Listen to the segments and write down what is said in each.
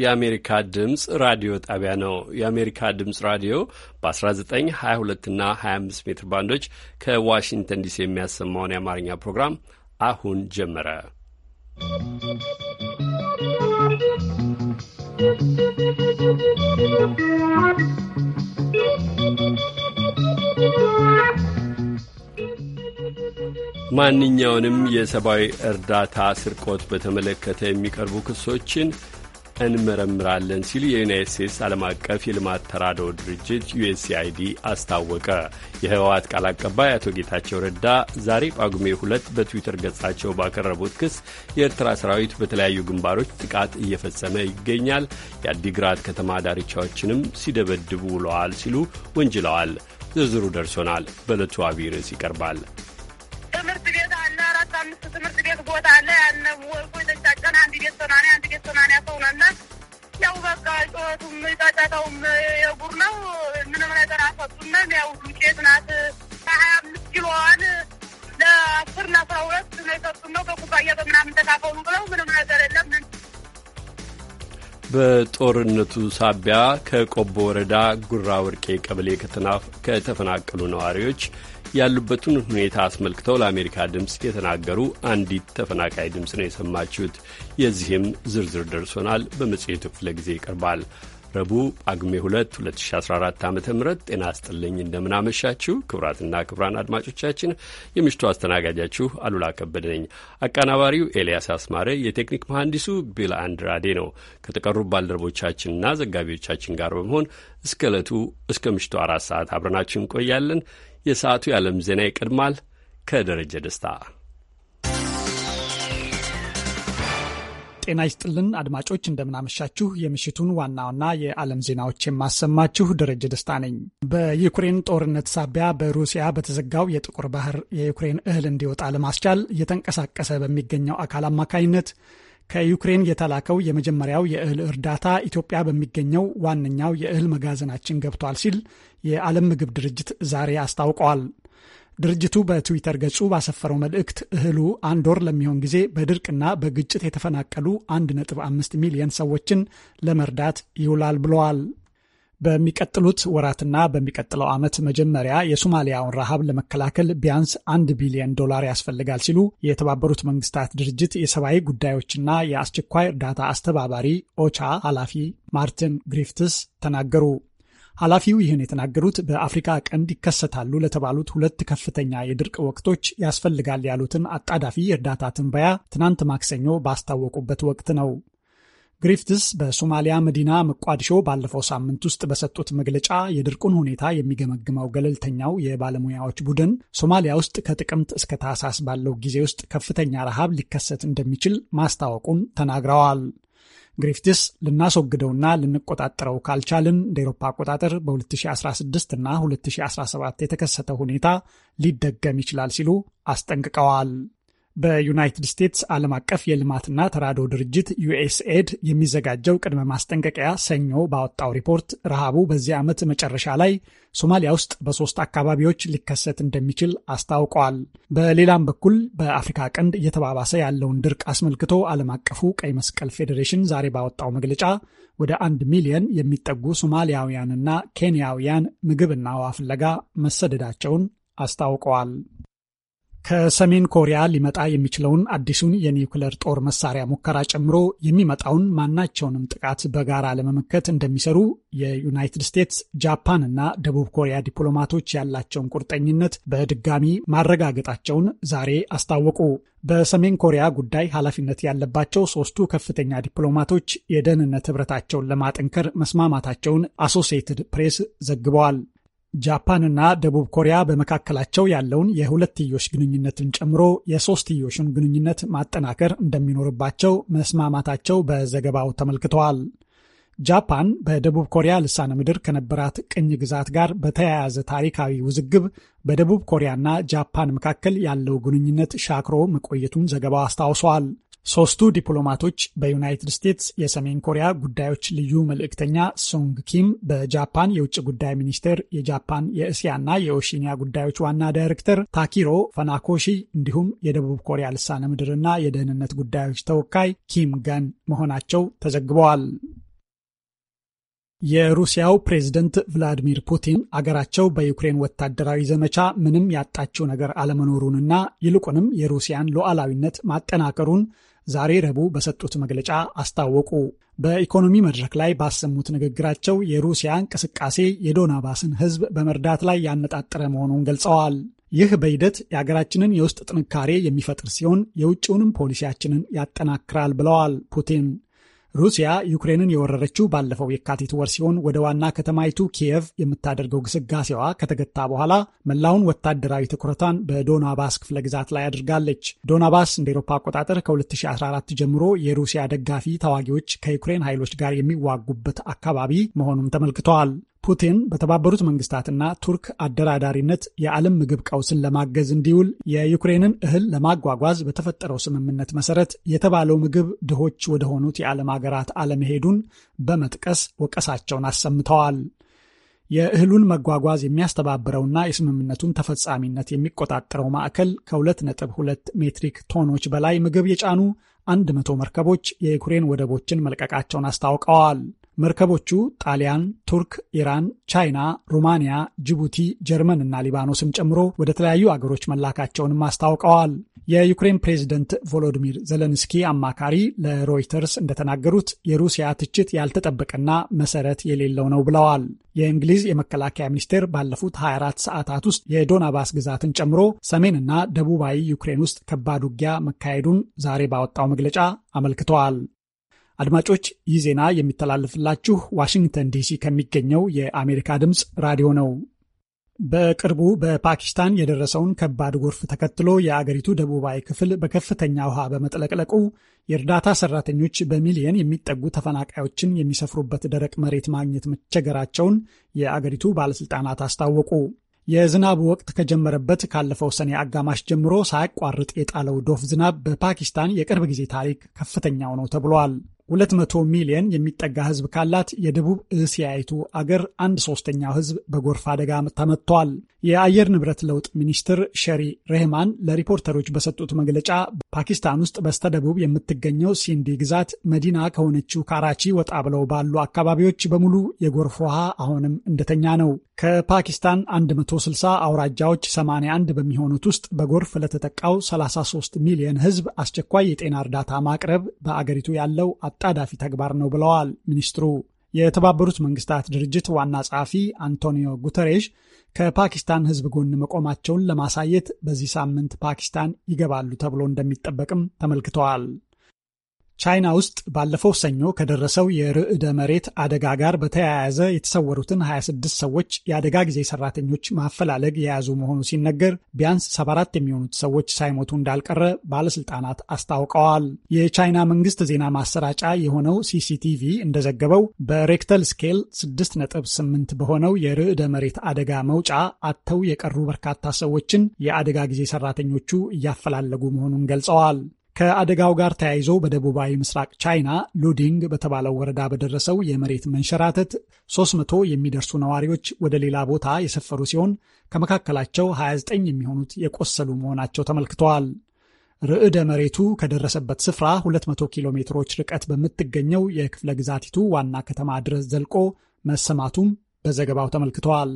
የአሜሪካ ድምፅ ራዲዮ ጣቢያ ነው። የአሜሪካ ድምፅ ራዲዮ በ1922 እና 25 ሜትር ባንዶች ከዋሽንግተን ዲሲ የሚያሰማውን የአማርኛ ፕሮግራም አሁን ጀመረ። ማንኛውንም የሰብአዊ እርዳታ ስርቆት በተመለከተ የሚቀርቡ ክሶችን እንመረምራለን ሲል የዩናይት ስቴትስ ዓለም አቀፍ የልማት ተራድኦ ድርጅት ዩኤስኤአይዲ አስታወቀ። የህወሓት ቃል አቀባይ አቶ ጌታቸው ረዳ ዛሬ ጳጉሜ ሁለት በትዊተር ገጻቸው ባቀረቡት ክስ የኤርትራ ሰራዊት በተለያዩ ግንባሮች ጥቃት እየፈጸመ ይገኛል፣ የአዲግራት ከተማ ዳርቻዎችንም ሲደበድቡ ውለዋል ሲሉ ወንጅለዋል። ዝርዝሩ ደርሶናል። በዕለቱ አብይ ርዕስ ይቀርባል። ትምህርት ቤት አለ አራት አምስት ትምህርት ቤት ቦታ አለ ቀን አንድ ቤት አንድ ቤት ያው በቃ ጩኸቱም ጫጫታውም የጉር ነው። ምንም ነገር ያው ዱቄት ናት ሀያ አምስት ኪሎዋን ለአስር ለአስራ ሁለት ነው የሰጡን ነው በኩባያ በምናምን ተካፈሉ ብለው ምንም ነገር የለም። በጦርነቱ ሳቢያ ከቆቦ ወረዳ ጉራ ወርቄ ቀበሌ ከተፈናቀሉ ነዋሪዎች ያሉበትን ሁኔታ አስመልክተው ለአሜሪካ ድምፅ የተናገሩ አንዲት ተፈናቃይ ድምፅ ነው የሰማችሁት። የዚህም ዝርዝር ደርሶናል፣ በመጽሔቱ ክፍለ ጊዜ ይቀርባል። ረቡዕ ጳጉሜ 2 2014 ዓ ም ጤና ይስጥልኝ እንደምናመሻችሁ ክቡራትና ክቡራን አድማጮቻችን የምሽቱ አስተናጋጃችሁ አሉላ ከበደ ነኝ። አቀናባሪው ኤልያስ አስማረ፣ የቴክኒክ መሐንዲሱ ቢል አንድራዴ ነው። ከተቀሩ ባልደረቦቻችንና ዘጋቢዎቻችን ጋር በመሆን እስከ ዕለቱ እስከ ምሽቱ አራት ሰዓት አብረናችሁ እንቆያለን። የሰዓቱ የዓለም ዜና ይቀድማል። ከደረጀ ደስታ ጤና ይስጥልን አድማጮች፣ እንደምናመሻችሁ። የምሽቱን ዋና ዋና የዓለም ዜናዎች የማሰማችሁ ደረጀ ደስታ ነኝ። በዩክሬን ጦርነት ሳቢያ በሩሲያ በተዘጋው የጥቁር ባህር የዩክሬን እህል እንዲወጣ ለማስቻል እየተንቀሳቀሰ በሚገኘው አካል አማካኝነት ከዩክሬን የተላከው የመጀመሪያው የእህል እርዳታ ኢትዮጵያ በሚገኘው ዋነኛው የእህል መጋዘናችን ገብቷል ሲል የዓለም ምግብ ድርጅት ዛሬ አስታውቀዋል። ድርጅቱ በትዊተር ገጹ ባሰፈረው መልእክት እህሉ አንድ ወር ለሚሆን ጊዜ በድርቅና በግጭት የተፈናቀሉ 1.5 ሚሊዮን ሰዎችን ለመርዳት ይውላል ብለዋል። በሚቀጥሉት ወራትና በሚቀጥለው ዓመት መጀመሪያ የሶማሊያውን ረሃብ ለመከላከል ቢያንስ አንድ ቢሊዮን ዶላር ያስፈልጋል ሲሉ የተባበሩት መንግስታት ድርጅት የሰብአዊ ጉዳዮችና የአስቸኳይ እርዳታ አስተባባሪ ኦቻ ኃላፊ ማርቲን ግሪፍትስ ተናገሩ። ኃላፊው ይህን የተናገሩት በአፍሪካ ቀንድ ይከሰታሉ ለተባሉት ሁለት ከፍተኛ የድርቅ ወቅቶች ያስፈልጋል ያሉትን አጣዳፊ እርዳታ ትንበያ ትናንት ማክሰኞ ባስታወቁበት ወቅት ነው። ግሪፍትስ በሶማሊያ መዲና መቋድሾ ባለፈው ሳምንት ውስጥ በሰጡት መግለጫ የድርቁን ሁኔታ የሚገመግመው ገለልተኛው የባለሙያዎች ቡድን ሶማሊያ ውስጥ ከጥቅምት እስከ ታህሳስ ባለው ጊዜ ውስጥ ከፍተኛ ረሃብ ሊከሰት እንደሚችል ማስታወቁን ተናግረዋል። ግሪፍትስ ልናስወግደውና ልንቆጣጠረው ካልቻልን እንደ ኤሮፓ አቆጣጠር በ2016 እና 2017 የተከሰተው ሁኔታ ሊደገም ይችላል ሲሉ አስጠንቅቀዋል። በዩናይትድ ስቴትስ ዓለም አቀፍ የልማትና ተራድኦ ድርጅት ዩኤስኤድ የሚዘጋጀው ቅድመ ማስጠንቀቂያ ሰኞ ባወጣው ሪፖርት ረሃቡ በዚህ ዓመት መጨረሻ ላይ ሶማሊያ ውስጥ በሶስት አካባቢዎች ሊከሰት እንደሚችል አስታውቀዋል። በሌላም በኩል በአፍሪካ ቀንድ እየተባባሰ ያለውን ድርቅ አስመልክቶ ዓለም አቀፉ ቀይ መስቀል ፌዴሬሽን ዛሬ ባወጣው መግለጫ ወደ አንድ ሚሊዮን የሚጠጉ ሶማሊያውያንና ኬንያውያን ምግብና ውሃ ፍለጋ መሰደዳቸውን አስታውቀዋል። ከሰሜን ኮሪያ ሊመጣ የሚችለውን አዲሱን የኒውክለር ጦር መሳሪያ ሙከራ ጨምሮ የሚመጣውን ማናቸውንም ጥቃት በጋራ ለመመከት እንደሚሰሩ የዩናይትድ ስቴትስ፣ ጃፓን እና ደቡብ ኮሪያ ዲፕሎማቶች ያላቸውን ቁርጠኝነት በድጋሚ ማረጋገጣቸውን ዛሬ አስታወቁ። በሰሜን ኮሪያ ጉዳይ ኃላፊነት ያለባቸው ሶስቱ ከፍተኛ ዲፕሎማቶች የደህንነት ህብረታቸውን ለማጠንከር መስማማታቸውን አሶሲየትድ ፕሬስ ዘግበዋል። ጃፓንና ደቡብ ኮሪያ በመካከላቸው ያለውን የሁለትዮሽ ግንኙነትን ጨምሮ የሶስትዮሽን ግንኙነት ማጠናከር እንደሚኖርባቸው መስማማታቸው በዘገባው ተመልክተዋል። ጃፓን በደቡብ ኮሪያ ልሳነ ምድር ከነበራት ቅኝ ግዛት ጋር በተያያዘ ታሪካዊ ውዝግብ በደቡብ ኮሪያና ጃፓን መካከል ያለው ግንኙነት ሻክሮ መቆየቱን ዘገባው አስታውሷል። ሶስቱ ዲፕሎማቶች በዩናይትድ ስቴትስ የሰሜን ኮሪያ ጉዳዮች ልዩ መልእክተኛ ሶንግ ኪም፣ በጃፓን የውጭ ጉዳይ ሚኒስቴር የጃፓን የእስያና የኦሺኒያ ጉዳዮች ዋና ዳይሬክተር ታኪሮ ፈናኮሺ እንዲሁም የደቡብ ኮሪያ ልሳነ ምድርና የደህንነት ጉዳዮች ተወካይ ኪም ገን መሆናቸው ተዘግበዋል። የሩሲያው ፕሬዝደንት ቭላዲሚር ፑቲን አገራቸው በዩክሬን ወታደራዊ ዘመቻ ምንም ያጣችው ነገር አለመኖሩንና ይልቁንም የሩሲያን ሉዓላዊነት ማጠናከሩን ዛሬ ረቡዕ በሰጡት መግለጫ አስታወቁ። በኢኮኖሚ መድረክ ላይ ባሰሙት ንግግራቸው የሩሲያ እንቅስቃሴ የዶናባስን ሕዝብ በመርዳት ላይ ያነጣጠረ መሆኑን ገልጸዋል። ይህ በሂደት የአገራችንን የውስጥ ጥንካሬ የሚፈጥር ሲሆን የውጭውንም ፖሊሲያችንን ያጠናክራል ብለዋል ፑቲን። ሩሲያ ዩክሬንን የወረረችው ባለፈው የካቲት ወር ሲሆን ወደ ዋና ከተማይቱ ኪየቭ የምታደርገው ግስጋሴዋ ከተገታ በኋላ መላውን ወታደራዊ ትኩረቷን በዶናባስ ክፍለ ግዛት ላይ አድርጋለች። ዶናባስ እንደ ኤሮፓ አቆጣጠር ከ2014 ጀምሮ የሩሲያ ደጋፊ ታዋጊዎች ከዩክሬን ኃይሎች ጋር የሚዋጉበት አካባቢ መሆኑን ተመልክተዋል። ፑቲን በተባበሩት መንግስታትና ቱርክ አደራዳሪነት የዓለም ምግብ ቀውስን ለማገዝ እንዲውል የዩክሬንን እህል ለማጓጓዝ በተፈጠረው ስምምነት መሰረት የተባለው ምግብ ድሆች ወደሆኑት የዓለም ሀገራት አለመሄዱን በመጥቀስ ወቀሳቸውን አሰምተዋል። የእህሉን መጓጓዝ የሚያስተባብረውና የስምምነቱን ተፈጻሚነት የሚቆጣጠረው ማዕከል ከ2.2 ሜትሪክ ቶኖች በላይ ምግብ የጫኑ 100 መርከቦች የዩክሬን ወደቦችን መልቀቃቸውን አስታውቀዋል። መርከቦቹ ጣሊያን፣ ቱርክ፣ ኢራን፣ ቻይና፣ ሩማንያ፣ ጅቡቲ፣ ጀርመን እና ሊባኖስን ጨምሮ ወደ ተለያዩ አገሮች መላካቸውንም አስታውቀዋል። የዩክሬን ፕሬዝደንት ቮሎዲሚር ዘለንስኪ አማካሪ ለሮይተርስ እንደተናገሩት የሩሲያ ትችት ያልተጠበቀና መሰረት የሌለው ነው ብለዋል። የእንግሊዝ የመከላከያ ሚኒስቴር ባለፉት 24 ሰዓታት ውስጥ የዶናባስ ግዛትን ጨምሮ ሰሜንና ደቡባዊ ዩክሬን ውስጥ ከባድ ውጊያ መካሄዱን ዛሬ ባወጣው መግለጫ አመልክተዋል። አድማጮች ይህ ዜና የሚተላለፍላችሁ ዋሽንግተን ዲሲ ከሚገኘው የአሜሪካ ድምፅ ራዲዮ ነው። በቅርቡ በፓኪስታን የደረሰውን ከባድ ጎርፍ ተከትሎ የአገሪቱ ደቡባዊ ክፍል በከፍተኛ ውሃ በመጥለቅለቁ የእርዳታ ሰራተኞች በሚሊየን የሚጠጉ ተፈናቃዮችን የሚሰፍሩበት ደረቅ መሬት ማግኘት መቸገራቸውን የአገሪቱ ባለሥልጣናት አስታወቁ። የዝናቡ ወቅት ከጀመረበት ካለፈው ሰኔ አጋማሽ ጀምሮ ሳያቋርጥ የጣለው ዶፍ ዝናብ በፓኪስታን የቅርብ ጊዜ ታሪክ ከፍተኛው ነው ተብሏል። 200 ሚሊየን የሚጠጋ ህዝብ ካላት የደቡብ እስያይቱ አገር አንድ ሶስተኛው ህዝብ በጎርፍ አደጋ ተመጥተዋል። የአየር ንብረት ለውጥ ሚኒስትር ሸሪ ሬህማን ለሪፖርተሮች በሰጡት መግለጫ ፓኪስታን ውስጥ በስተደቡብ የምትገኘው ሲንዲ ግዛት መዲና ከሆነችው ካራቺ ወጣ ብለው ባሉ አካባቢዎች በሙሉ የጎርፍ ውሃ አሁንም እንደተኛ ነው። ከፓኪስታን 160 አውራጃዎች 81 በሚሆኑት ውስጥ በጎርፍ ለተጠቃው 33 ሚሊየን ህዝብ አስቸኳይ የጤና እርዳታ ማቅረብ በአገሪቱ ያለው አጣዳፊ ተግባር ነው ብለዋል ሚኒስትሩ። የተባበሩት መንግስታት ድርጅት ዋና ጸሐፊ አንቶኒዮ ጉተሬሽ ከፓኪስታን ሕዝብ ጎን መቆማቸውን ለማሳየት በዚህ ሳምንት ፓኪስታን ይገባሉ ተብሎ እንደሚጠበቅም ተመልክተዋል። ቻይና ውስጥ ባለፈው ሰኞ ከደረሰው የርዕደ መሬት አደጋ ጋር በተያያዘ የተሰወሩትን 26 ሰዎች የአደጋ ጊዜ ሰራተኞች ማፈላለግ የያዙ መሆኑ ሲነገር ቢያንስ 74 የሚሆኑት ሰዎች ሳይሞቱ እንዳልቀረ ባለስልጣናት አስታውቀዋል። የቻይና መንግስት ዜና ማሰራጫ የሆነው ሲሲቲቪ እንደዘገበው በሬክተል ስኬል 6.8 በሆነው የርዕደ መሬት አደጋ መውጫ አጥተው የቀሩ በርካታ ሰዎችን የአደጋ ጊዜ ሰራተኞቹ እያፈላለጉ መሆኑን ገልጸዋል። ከአደጋው ጋር ተያይዞ በደቡባዊ ምስራቅ ቻይና ሉዲንግ በተባለው ወረዳ በደረሰው የመሬት መንሸራተት 300 የሚደርሱ ነዋሪዎች ወደ ሌላ ቦታ የሰፈሩ ሲሆን ከመካከላቸው 29 የሚሆኑት የቆሰሉ መሆናቸው ተመልክተዋል። ርዕደ መሬቱ ከደረሰበት ስፍራ 200 ኪሎ ሜትሮች ርቀት በምትገኘው የክፍለ ግዛቲቱ ዋና ከተማ ድረስ ዘልቆ መሰማቱም በዘገባው ተመልክተዋል።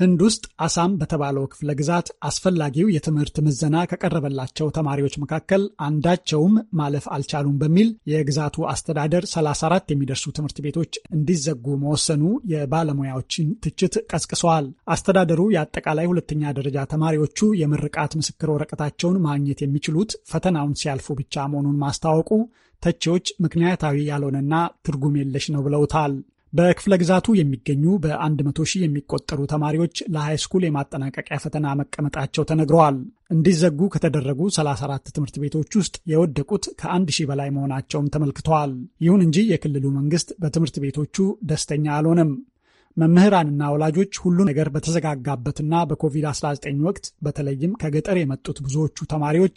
ህንድ ውስጥ አሳም በተባለው ክፍለ ግዛት አስፈላጊው የትምህርት ምዘና ከቀረበላቸው ተማሪዎች መካከል አንዳቸውም ማለፍ አልቻሉም በሚል የግዛቱ አስተዳደር 34 የሚደርሱ ትምህርት ቤቶች እንዲዘጉ መወሰኑ የባለሙያዎችን ትችት ቀስቅሰዋል። አስተዳደሩ የአጠቃላይ ሁለተኛ ደረጃ ተማሪዎቹ የምርቃት ምስክር ወረቀታቸውን ማግኘት የሚችሉት ፈተናውን ሲያልፉ ብቻ መሆኑን ማስታወቁ ተቺዎች ምክንያታዊ ያልሆነና ትርጉም የለሽ ነው ብለውታል። በክፍለ ግዛቱ የሚገኙ በ100 ሺህ የሚቆጠሩ ተማሪዎች ለሃይስኩል የማጠናቀቂያ ፈተና መቀመጣቸው ተነግረዋል። እንዲዘጉ ከተደረጉ 34 ትምህርት ቤቶች ውስጥ የወደቁት ከአንድ ሺህ በላይ መሆናቸውም ተመልክተዋል። ይሁን እንጂ የክልሉ መንግስት በትምህርት ቤቶቹ ደስተኛ አልሆነም። መምህራንና ወላጆች ሁሉ ነገር በተዘጋጋበትና በኮቪድ-19 ወቅት በተለይም ከገጠር የመጡት ብዙዎቹ ተማሪዎች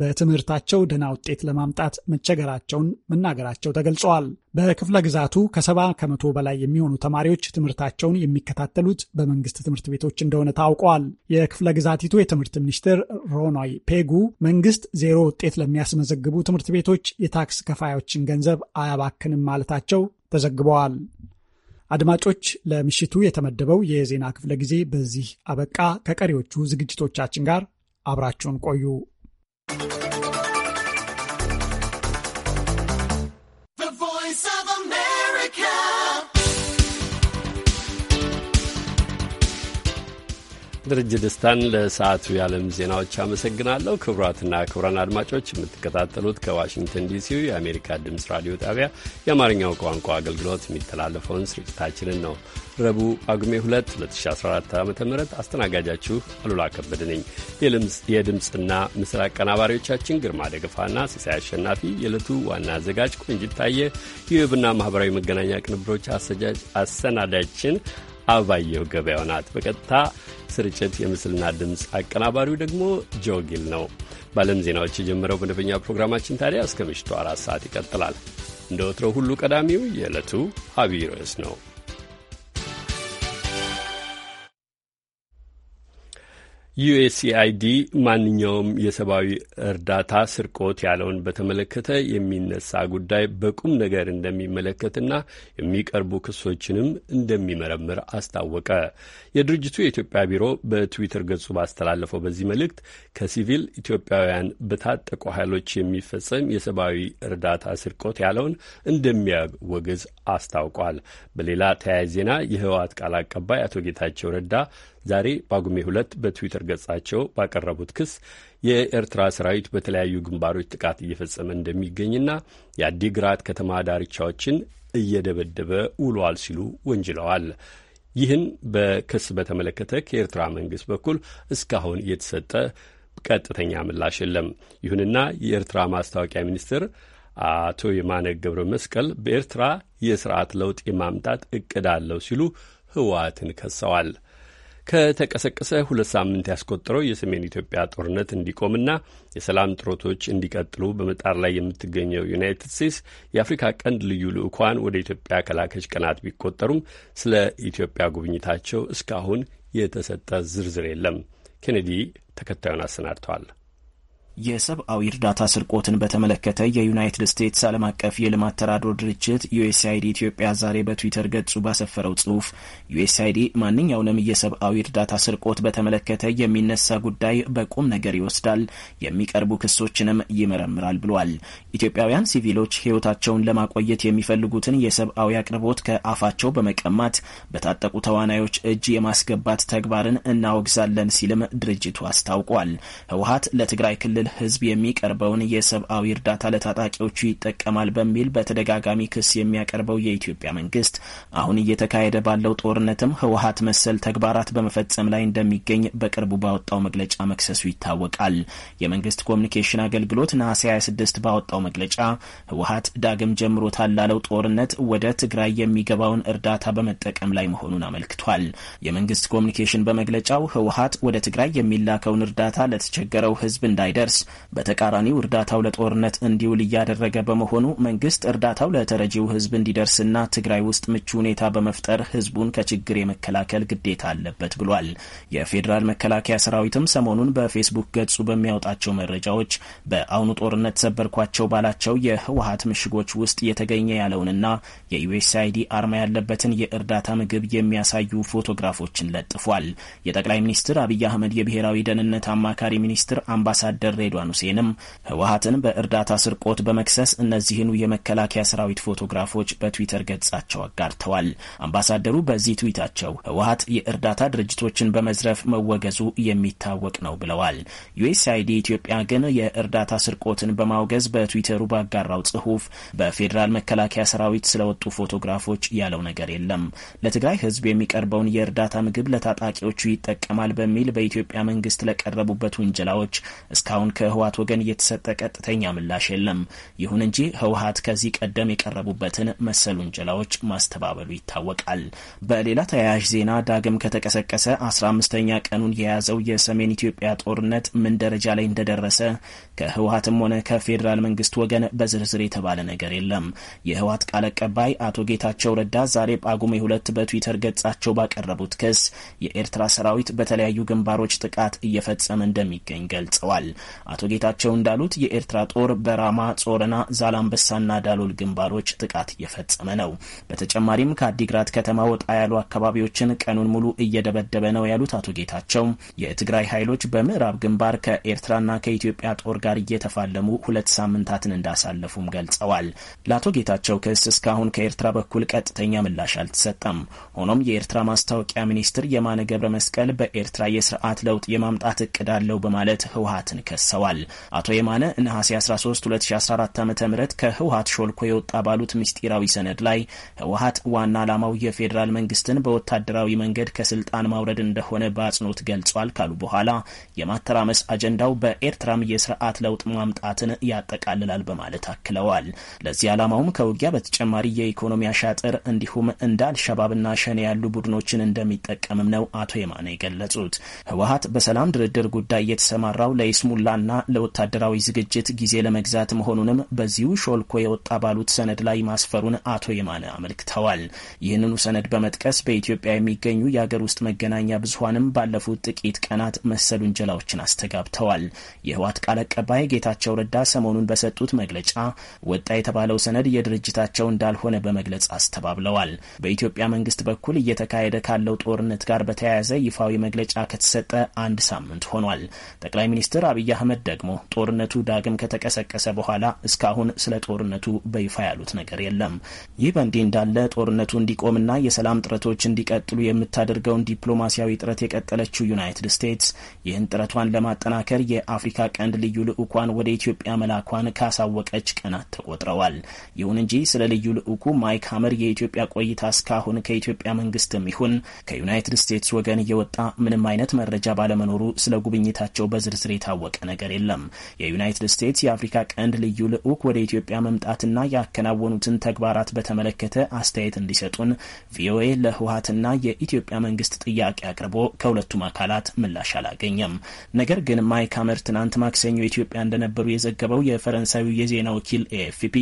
በትምህርታቸው ደህና ውጤት ለማምጣት መቸገራቸውን መናገራቸው ተገልጸዋል። በክፍለ ግዛቱ ከሰባ ከመቶ በላይ የሚሆኑ ተማሪዎች ትምህርታቸውን የሚከታተሉት በመንግስት ትምህርት ቤቶች እንደሆነ ታውቋል። የክፍለ ግዛቲቱ የትምህርት ሚኒስትር ሮኖይ ፔጉ መንግስት ዜሮ ውጤት ለሚያስመዘግቡ ትምህርት ቤቶች የታክስ ከፋዮችን ገንዘብ አያባክንም ማለታቸው ተዘግበዋል። አድማጮች፣ ለምሽቱ የተመደበው የዜና ክፍለ ጊዜ በዚህ አበቃ። ከቀሪዎቹ ዝግጅቶቻችን ጋር አብራችሁን ቆዩ። ድርጅ ደስታን ለሰዓቱ የዓለም ዜናዎች አመሰግናለሁ። ክቡራትና ክቡራን አድማጮች የምትከታተሉት ከዋሽንግተን ዲሲው የአሜሪካ ድምፅ ራዲዮ ጣቢያ የአማርኛው ቋንቋ አገልግሎት የሚተላለፈውን ስርጭታችንን ነው። ረቡዕ ጳጉሜ 2 2014 ዓ ም አስተናጋጃችሁ አሉላ ከበደ ነኝ። የድምፅና ምስል አቀናባሪዎቻችን ግርማ ደገፋና ሲሳይ አሸናፊ፣ የዕለቱ ዋና አዘጋጅ ቆንጅት ታየ፣ የዌብና ማኅበራዊ መገናኛ ቅንብሮች አሰናዳችን አበባየሁ ገበያው ናት። በቀጥታ ስርጭት የምስልና ድምፅ አቀናባሪው ደግሞ ጆጊል ነው። በዓለም ዜናዎች የጀመረው መደበኛ ፕሮግራማችን ታዲያ እስከ ምሽቱ አራት ሰዓት ይቀጥላል። እንደ ወትሮው ሁሉ ቀዳሚው የዕለቱ አብይ ርዕስ ነው። ዩኤስኤአይዲ ማንኛውም የሰብአዊ እርዳታ ስርቆት ያለውን በተመለከተ የሚነሳ ጉዳይ በቁም ነገር እንደሚመለከትና የሚቀርቡ ክሶችንም እንደሚመረምር አስታወቀ። የድርጅቱ የኢትዮጵያ ቢሮ በትዊተር ገጹ ባስተላለፈው በዚህ መልእክት ከሲቪል ኢትዮጵያውያን በታጠቁ ኃይሎች የሚፈጸም የሰብአዊ እርዳታ ስርቆት ያለውን እንደሚያወግዝ አስታውቋል። በሌላ ተያያዥ ዜና የህወሓት ቃል አቀባይ አቶ ጌታቸው ረዳ ዛሬ ጳጉሜ ሁለት በትዊተር ገጻቸው ባቀረቡት ክስ የኤርትራ ሰራዊት በተለያዩ ግንባሮች ጥቃት እየፈጸመ እንደሚገኝና የአዲግራት ከተማ ዳርቻዎችን እየደበደበ ውሏል ሲሉ ወንጅለዋል። ይህን በክስ በተመለከተ ከኤርትራ መንግስት በኩል እስካሁን የተሰጠ ቀጥተኛ ምላሽ የለም። ይሁንና የኤርትራ ማስታወቂያ ሚኒስትር አቶ የማነ ገብረ መስቀል በኤርትራ የስርዓት ለውጥ የማምጣት እቅድ አለው ሲሉ ህወሓትን ከሰዋል። ከተቀሰቀሰ ሁለት ሳምንት ያስቆጠረው የሰሜን ኢትዮጵያ ጦርነት እንዲቆምና የሰላም ጥረቶች እንዲቀጥሉ በመጣር ላይ የምትገኘው ዩናይትድ ስቴትስ የአፍሪካ ቀንድ ልዩ ልዑኳን ወደ ኢትዮጵያ ከላከች ቀናት ቢቆጠሩም ስለ ኢትዮጵያ ጉብኝታቸው እስካሁን የተሰጠ ዝርዝር የለም። ኬኔዲ ተከታዩን አሰናድተዋል። የሰብአዊ እርዳታ ስርቆትን በተመለከተ የዩናይትድ ስቴትስ ዓለም አቀፍ የልማት ተራድኦ ድርጅት ዩኤስአይዲ ኢትዮጵያ ዛሬ በትዊተር ገጹ ባሰፈረው ጽሑፍ ዩኤስአይዲ ማንኛውንም የሰብአዊ እርዳታ ስርቆት በተመለከተ የሚነሳ ጉዳይ በቁም ነገር ይወስዳል፣ የሚቀርቡ ክሶችንም ይመረምራል ብሏል። ኢትዮጵያውያን ሲቪሎች ህይወታቸውን ለማቆየት የሚፈልጉትን የሰብአዊ አቅርቦት ከአፋቸው በመቀማት በታጠቁ ተዋናዮች እጅ የማስገባት ተግባርን እናወግዛለን ሲልም ድርጅቱ አስታውቋል። ህወሀት ለትግራይ ክልል ህዝብ የሚቀርበውን የሰብአዊ እርዳታ ለታጣቂዎቹ ይጠቀማል በሚል በተደጋጋሚ ክስ የሚያቀርበው የኢትዮጵያ መንግስት አሁን እየተካሄደ ባለው ጦርነትም ህወሀት መሰል ተግባራት በመፈጸም ላይ እንደሚገኝ በቅርቡ ባወጣው መግለጫ መክሰሱ ይታወቃል። የመንግስት ኮሚኒኬሽን አገልግሎት ነሐሴ 26 ባወጣው መግለጫ ህወሀት ዳግም ጀምሮታል ላለው ጦርነት ወደ ትግራይ የሚገባውን እርዳታ በመጠቀም ላይ መሆኑን አመልክቷል። የመንግስት ኮሚኒኬሽን በመግለጫው ህወሀት ወደ ትግራይ የሚላከውን እርዳታ ለተቸገረው ህዝብ እንዳይደርስ መንግስት በተቃራኒው እርዳታው ለጦርነት እንዲውል እያደረገ በመሆኑ መንግስት እርዳታው ለተረጂው ህዝብ እንዲደርስና ትግራይ ውስጥ ምቹ ሁኔታ በመፍጠር ህዝቡን ከችግር የመከላከል ግዴታ አለበት ብሏል። የፌዴራል መከላከያ ሰራዊትም ሰሞኑን በፌስቡክ ገጹ በሚያወጣቸው መረጃዎች በአሁኑ ጦርነት ሰበርኳቸው ባላቸው የህወሀት ምሽጎች ውስጥ የተገኘ ያለውንና የዩኤስአይዲ አርማ ያለበትን የእርዳታ ምግብ የሚያሳዩ ፎቶግራፎችን ለጥፏል። የጠቅላይ ሚኒስትር አብይ አህመድ የብሔራዊ ደህንነት አማካሪ ሚኒስትር አምባሳደር ሬድዋን ሁሴንም ህወሀትን በእርዳታ ስርቆት በመክሰስ እነዚህኑ የመከላከያ ሰራዊት ፎቶግራፎች በትዊተር ገጻቸው አጋርተዋል። አምባሳደሩ በዚህ ትዊታቸው ህወሀት የእርዳታ ድርጅቶችን በመዝረፍ መወገዙ የሚታወቅ ነው ብለዋል። ዩኤስአይዲ ኢትዮጵያ ግን የእርዳታ ስርቆትን በማውገዝ በትዊተሩ ባጋራው ጽሁፍ በፌዴራል መከላከያ ሰራዊት ስለወጡ ፎቶግራፎች ያለው ነገር የለም። ለትግራይ ህዝብ የሚቀርበውን የእርዳታ ምግብ ለታጣቂዎቹ ይጠቀማል በሚል በኢትዮጵያ መንግስት ለቀረቡበት ውንጀላዎች እስካሁን ከህወሓት ወገን የተሰጠ ቀጥተኛ ምላሽ የለም። ይሁን እንጂ ህወሓት ከዚህ ቀደም የቀረቡበትን መሰል ውንጀላዎች ማስተባበሉ ይታወቃል። በሌላ ተያያዥ ዜና ዳግም ከተቀሰቀሰ 15ኛ ቀኑን የያዘው የሰሜን ኢትዮጵያ ጦርነት ምን ደረጃ ላይ እንደደረሰ ከህወሓትም ሆነ ከፌዴራል መንግስት ወገን በዝርዝር የተባለ ነገር የለም። የህወሓት ቃል አቀባይ አቶ ጌታቸው ረዳ ዛሬ ጳጉሜ ሁለት በትዊተር ገጻቸው ባቀረቡት ክስ የኤርትራ ሰራዊት በተለያዩ ግንባሮች ጥቃት እየፈጸመ እንደሚገኝ ገልጸዋል። አቶ ጌታቸው እንዳሉት የኤርትራ ጦር በራማ ጾረና፣ ዛላምበሳና ዳሎል ግንባሮች ጥቃት እየፈጸመ ነው። በተጨማሪም ከአዲግራት ከተማ ወጣ ያሉ አካባቢዎችን ቀኑን ሙሉ እየደበደበ ነው ያሉት አቶ ጌታቸው የትግራይ ኃይሎች በምዕራብ ግንባር ከኤርትራና ከኢትዮጵያ ጦር ጋር እየተፋለሙ ሁለት ሳምንታትን እንዳሳለፉም ገልጸዋል። ለአቶ ጌታቸው ክስ እስካሁን ከኤርትራ በኩል ቀጥተኛ ምላሽ አልተሰጠም። ሆኖም የኤርትራ ማስታወቂያ ሚኒስትር የማነ ገብረ መስቀል በኤርትራ የስርዓት ለውጥ የማምጣት እቅድ አለው በማለት ህወሀትን ከሰው አብራርተዋል። አቶ የማነ ነሐሴ 13 2014 ዓ ም ከህወሀት ሾልኮ የወጣ ባሉት ምስጢራዊ ሰነድ ላይ ህወሀት ዋና ዓላማው የፌዴራል መንግስትን በወታደራዊ መንገድ ከስልጣን ማውረድ እንደሆነ በአጽንኦት ገልጿል ካሉ በኋላ የማተራመስ አጀንዳው በኤርትራም የስርዓት ለውጥ ማምጣትን ያጠቃልላል በማለት አክለዋል። ለዚህ ዓላማውም ከውጊያ በተጨማሪ የኢኮኖሚ አሻጥር እንዲሁም እንደ አልሸባብና ሸኔ ያሉ ቡድኖችን እንደሚጠቀምም ነው አቶ የማነ የገለጹት። ህወሀት በሰላም ድርድር ጉዳይ የተሰማራው ለይስሙላና ለስልጠናና ለወታደራዊ ዝግጅት ጊዜ ለመግዛት መሆኑንም በዚሁ ሾልኮ የወጣ ባሉት ሰነድ ላይ ማስፈሩን አቶ የማነ አመልክተዋል። ይህንኑ ሰነድ በመጥቀስ በኢትዮጵያ የሚገኙ የአገር ውስጥ መገናኛ ብዙሀንም ባለፉት ጥቂት ቀናት መሰል ውንጀላዎችን አስተጋብተዋል። የህወሓት ቃል አቀባይ ጌታቸው ረዳ ሰሞኑን በሰጡት መግለጫ ወጣ የተባለው ሰነድ የድርጅታቸው እንዳልሆነ በመግለጽ አስተባብለዋል። በኢትዮጵያ መንግስት በኩል እየተካሄደ ካለው ጦርነት ጋር በተያያዘ ይፋዊ መግለጫ ከተሰጠ አንድ ሳምንት ሆኗል። ጠቅላይ ሚኒስትር አብይ አህመድ አህመድ ደግሞ ጦርነቱ ዳግም ከተቀሰቀሰ በኋላ እስካሁን ስለ ጦርነቱ በይፋ ያሉት ነገር የለም። ይህ በእንዲህ እንዳለ ጦርነቱ እንዲቆምና የሰላም ጥረቶች እንዲቀጥሉ የምታደርገውን ዲፕሎማሲያዊ ጥረት የቀጠለችው ዩናይትድ ስቴትስ ይህን ጥረቷን ለማጠናከር የአፍሪካ ቀንድ ልዩ ልዑኳን ወደ ኢትዮጵያ መላኳን ካሳወቀች ቀናት ተቆጥረዋል። ይሁን እንጂ ስለ ልዩ ልዑኩ ማይክ ሀመር የኢትዮጵያ ቆይታ እስካሁን ከኢትዮጵያ መንግስትም ይሁን ከዩናይትድ ስቴትስ ወገን እየወጣ ምንም አይነት መረጃ ባለመኖሩ ስለ ጉብኝታቸው በዝርዝር የታወቀ ነገር ነገር የለም። የዩናይትድ ስቴትስ የአፍሪካ ቀንድ ልዩ ልዑክ ወደ ኢትዮጵያ መምጣትና ያከናወኑትን ተግባራት በተመለከተ አስተያየት እንዲሰጡን ቪኦኤ ለህወሀትና የኢትዮጵያ መንግስት ጥያቄ አቅርቦ ከሁለቱም አካላት ምላሽ አላገኘም። ነገር ግን ማይክ ሀመር ትናንት ማክሰኞ ኢትዮጵያ እንደነበሩ የዘገበው የፈረንሳዩ የዜና ወኪል ኤኤፍፒ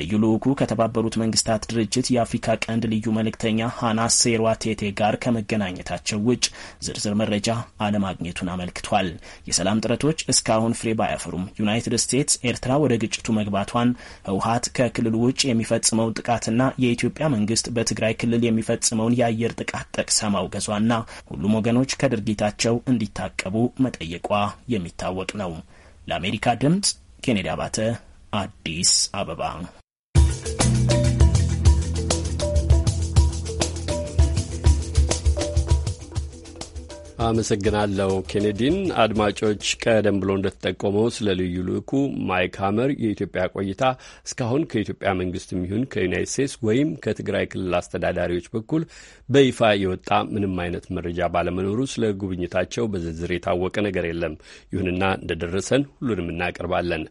ልዩ ልዑኩ ከተባበሩት መንግስታት ድርጅት የአፍሪካ ቀንድ ልዩ መልእክተኛ ሃና ሴሯ ቴቴ ጋር ከመገናኘታቸው ውጭ ዝርዝር መረጃ አለማግኘቱን አመልክቷል። የሰላም ጥረቶች እስከ እስካሁን ፍሬ ባያፈሩም ዩናይትድ ስቴትስ ኤርትራ ወደ ግጭቱ መግባቷን፣ ህውሀት ከክልሉ ውጭ የሚፈጽመውን ጥቃትና የኢትዮጵያ መንግስት በትግራይ ክልል የሚፈጽመውን የአየር ጥቃት ጠቅሳ ማውገዟና ሁሉም ወገኖች ከድርጊታቸው እንዲታቀቡ መጠየቋ የሚታወቅ ነው። ለአሜሪካ ድምፅ ኬኔዲ አባተ አዲስ አበባ አመሰግናለሁ ኬኔዲን። አድማጮች ቀደም ብሎ እንደተጠቆመው ስለ ልዩ ልዑኩ ማይክ ሀመር የኢትዮጵያ ቆይታ እስካሁን ከኢትዮጵያ መንግስትም ይሁን ከዩናይት ስቴትስ ወይም ከትግራይ ክልል አስተዳዳሪዎች በኩል በይፋ የወጣ ምንም አይነት መረጃ ባለመኖሩ ስለ ጉብኝታቸው በዝርዝር የታወቀ ነገር የለም። ይሁንና እንደደረሰን ሁሉንም እናቀርባለን።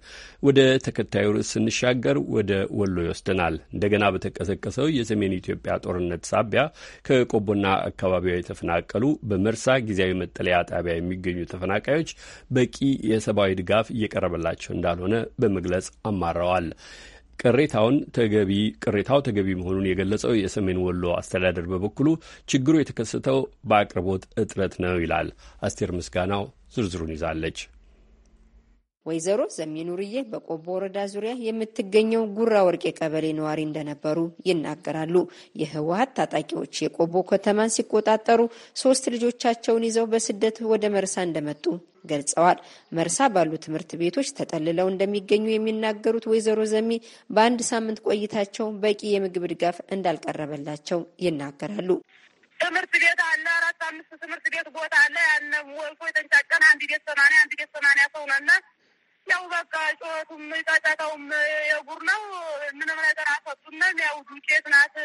ወደ ተከታዩ ርዕስ ስንሻገር ወደ ወሎ ይወስደናል። እንደገና በተቀሰቀሰው የሰሜን ኢትዮጵያ ጦርነት ሳቢያ ከቆቦና አካባቢዋ የተፈናቀሉ በመርሳ ጊዜያዊ መጠለያ ጣቢያ የሚገኙ ተፈናቃዮች በቂ የሰብአዊ ድጋፍ እየቀረበላቸው እንዳልሆነ በመግለጽ አማረዋል። ቅሬታውን ተገቢ ቅሬታው ተገቢ መሆኑን የገለጸው የሰሜን ወሎ አስተዳደር በበኩሉ ችግሩ የተከሰተው በአቅርቦት እጥረት ነው ይላል። አስቴር ምስጋናው ዝርዝሩን ይዛለች። ወይዘሮ ዘሚኑርዬ በቆቦ ወረዳ ዙሪያ የምትገኘው ጉራ ወርቄ ቀበሌ ነዋሪ እንደነበሩ ይናገራሉ። የህወሀት ታጣቂዎች የቆቦ ከተማን ሲቆጣጠሩ ሶስት ልጆቻቸውን ይዘው በስደት ወደ መርሳ እንደመጡ ገልጸዋል። መርሳ ባሉ ትምህርት ቤቶች ተጠልለው እንደሚገኙ የሚናገሩት ወይዘሮ ዘሚ በአንድ ሳምንት ቆይታቸው በቂ የምግብ ድጋፍ እንዳልቀረበላቸው ይናገራሉ። ትምህርት ቤት አለ። አራት አምስት ትምህርት ቤት ቦታ አለ። ያን ወልፎ የተንጫቀን አንድ ቤት ሰማንያ አንድ ቤት ሰማንያ ሰው ነና ያው በቃ ጩኸቱም ጫጫታውም የጉር ነው። ምንም ነገር አሰጡንም። ያው ዱቄት ናት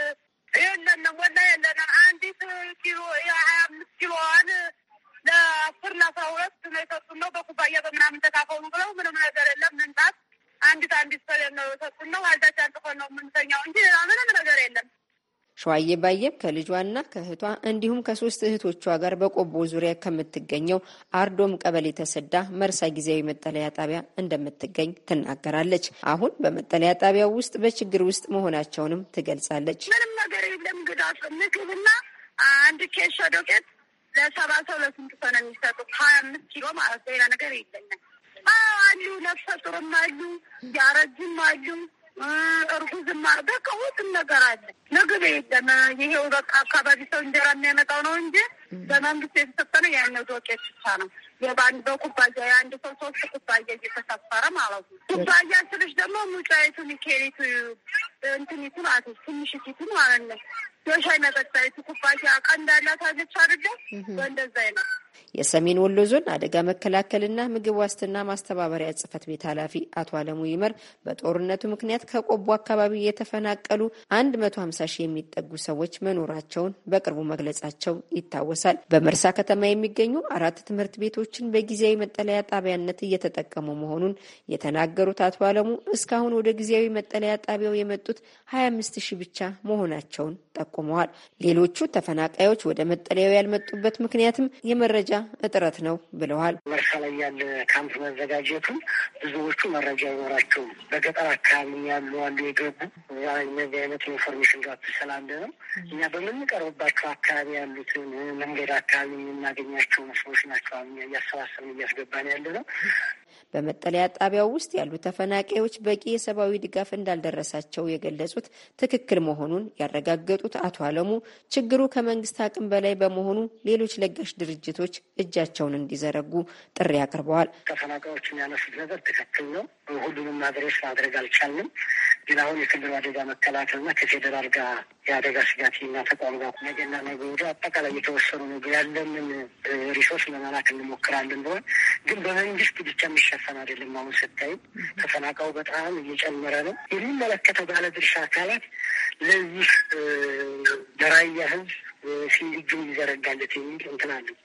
የለንም፣ ወላ የለንም። አንዲት ኪሎ የሀያ አምስት ኪሎዋን ለአስር ለአስራ ሁለት ነው የሰጡን ነው በኩባያ በምናምን ተካፈሉ ብለው ምንም ነገር የለም። ምንጣት አንዲት አንዲት ሰሌን ነው የሰጡን ነው። አልዳቻ አንጥፈን ነው የምንተኛው እንጂ ሌላ ምንም ነገር የለም። ሸዋዬ ባየም ከልጇና ከእህቷ እንዲሁም ከሶስት እህቶቿ ጋር በቆቦ ዙሪያ ከምትገኘው አርዶም ቀበሌ ተሰዳ መርሳ ጊዜያዊ መጠለያ ጣቢያ እንደምትገኝ ትናገራለች። አሁን በመጠለያ ጣቢያው ውስጥ በችግር ውስጥ መሆናቸውንም ትገልጻለች። ምንም ነገር የለም። ግዳፍ ምግብና አንድ ኬሾ ዶቄት ለሰባ ሰው ለስንት ሰው ነው የሚሰጡት? ሀያ አምስት ኪሎ ማለት ሌላ ነገር የለኝም። አሉ ነፍሰ ጡርም አሉ፣ ያረጁም አሉ እርጉዝም አርገህ ከሁሉም ነገር አለ። ምግብ የለም። ይሄው በቃ አካባቢ ሰው እንጀራ የሚያመጣው ነው እንጂ በመንግስት የተሰጠነ ያኛው ዶቄት ብቻ ነው። የባንድ በኩባያ የአንድ ሰው ሶስት ኩባያ እየተሰፈረ ማለት ነው። ኩባያ ስልሽ ደግሞ ሙጫዊቱ ሚኬሪቱ እንትኒቱ ማለት ነው። ትንሽቲቱ ማለት ነው። የሻይ መጠጣይቱ ኩባያ ቀንዳላት አለች አይደለ? በእንደዛ አይነት የሰሜን ወሎ ዞን አደጋ መከላከልና ምግብ ዋስትና ማስተባበሪያ ጽህፈት ቤት ኃላፊ አቶ አለሙ ይመር በጦርነቱ ምክንያት ከቆቦ አካባቢ የተፈናቀሉ 150 ሺህ የሚጠጉ ሰዎች መኖራቸውን በቅርቡ መግለጻቸው ይታወሳል። በመርሳ ከተማ የሚገኙ አራት ትምህርት ቤቶችን በጊዜያዊ መጠለያ ጣቢያነት እየተጠቀሙ መሆኑን የተናገሩት አቶ አለሙ እስካሁን ወደ ጊዜያዊ መጠለያ ጣቢያው የመጡት 25 ሺህ ብቻ መሆናቸውን ጠቁመዋል። ሌሎቹ ተፈናቃዮች ወደ መጠለያው ያልመጡበት ምክንያትም የመረጃ እጥረት ነው ብለዋል። በእርሻ ላይ ያለ ካምፕ መዘጋጀቱ ብዙዎቹ መረጃ አይኖራቸውም። በገጠር አካባቢ ያሉ አሉ የገቡ እነዚህ አይነት ኢንፎርሜሽን ጋር ስላለ ነው እኛ በምንቀርብባቸው አካባቢ ያሉትን መንገድ አካባቢ የምናገኛቸው ሰዎች ናቸው እያሰባሰብን እያስገባን ያለ ነው። በመጠለያ ጣቢያው ውስጥ ያሉ ተፈናቃዮች በቂ የሰብአዊ ድጋፍ እንዳልደረሳቸው የገለጹት ትክክል መሆኑን ያረጋገጡት አቶ አለሙ ችግሩ ከመንግስት አቅም በላይ በመሆኑ ሌሎች ለጋሽ ድርጅቶች እጃቸውን እንዲዘረጉ ጥሪ አቅርበዋል። ተፈናቃዮቹ የሚያነሱት ነገር ትክክል ነው። ሁሉንም አድሬስ ማድረግ አልቻልንም። ግን አሁን የክልሉ አደጋ መከላከልና ከፌዴራል ጋር የአደጋ ስጋት እና ተቋም ጋር ነገና ነገ ወደ አጠቃላይ የተወሰኑ ነገር ያለንን ሪሶርስ ለመላክ እንሞክራለን ብለን ግን በመንግስት ብቻ የሚሸፈን አይደለም። አሁን ስታይ ተፈናቃዩ በጣም እየጨመረ ነው። የሚመለከተው ባለ ድርሻ አካላት ለዚህ ደራያ ህዝብ ሲንግጁ ይዘረጋለት የሚል እንትናለን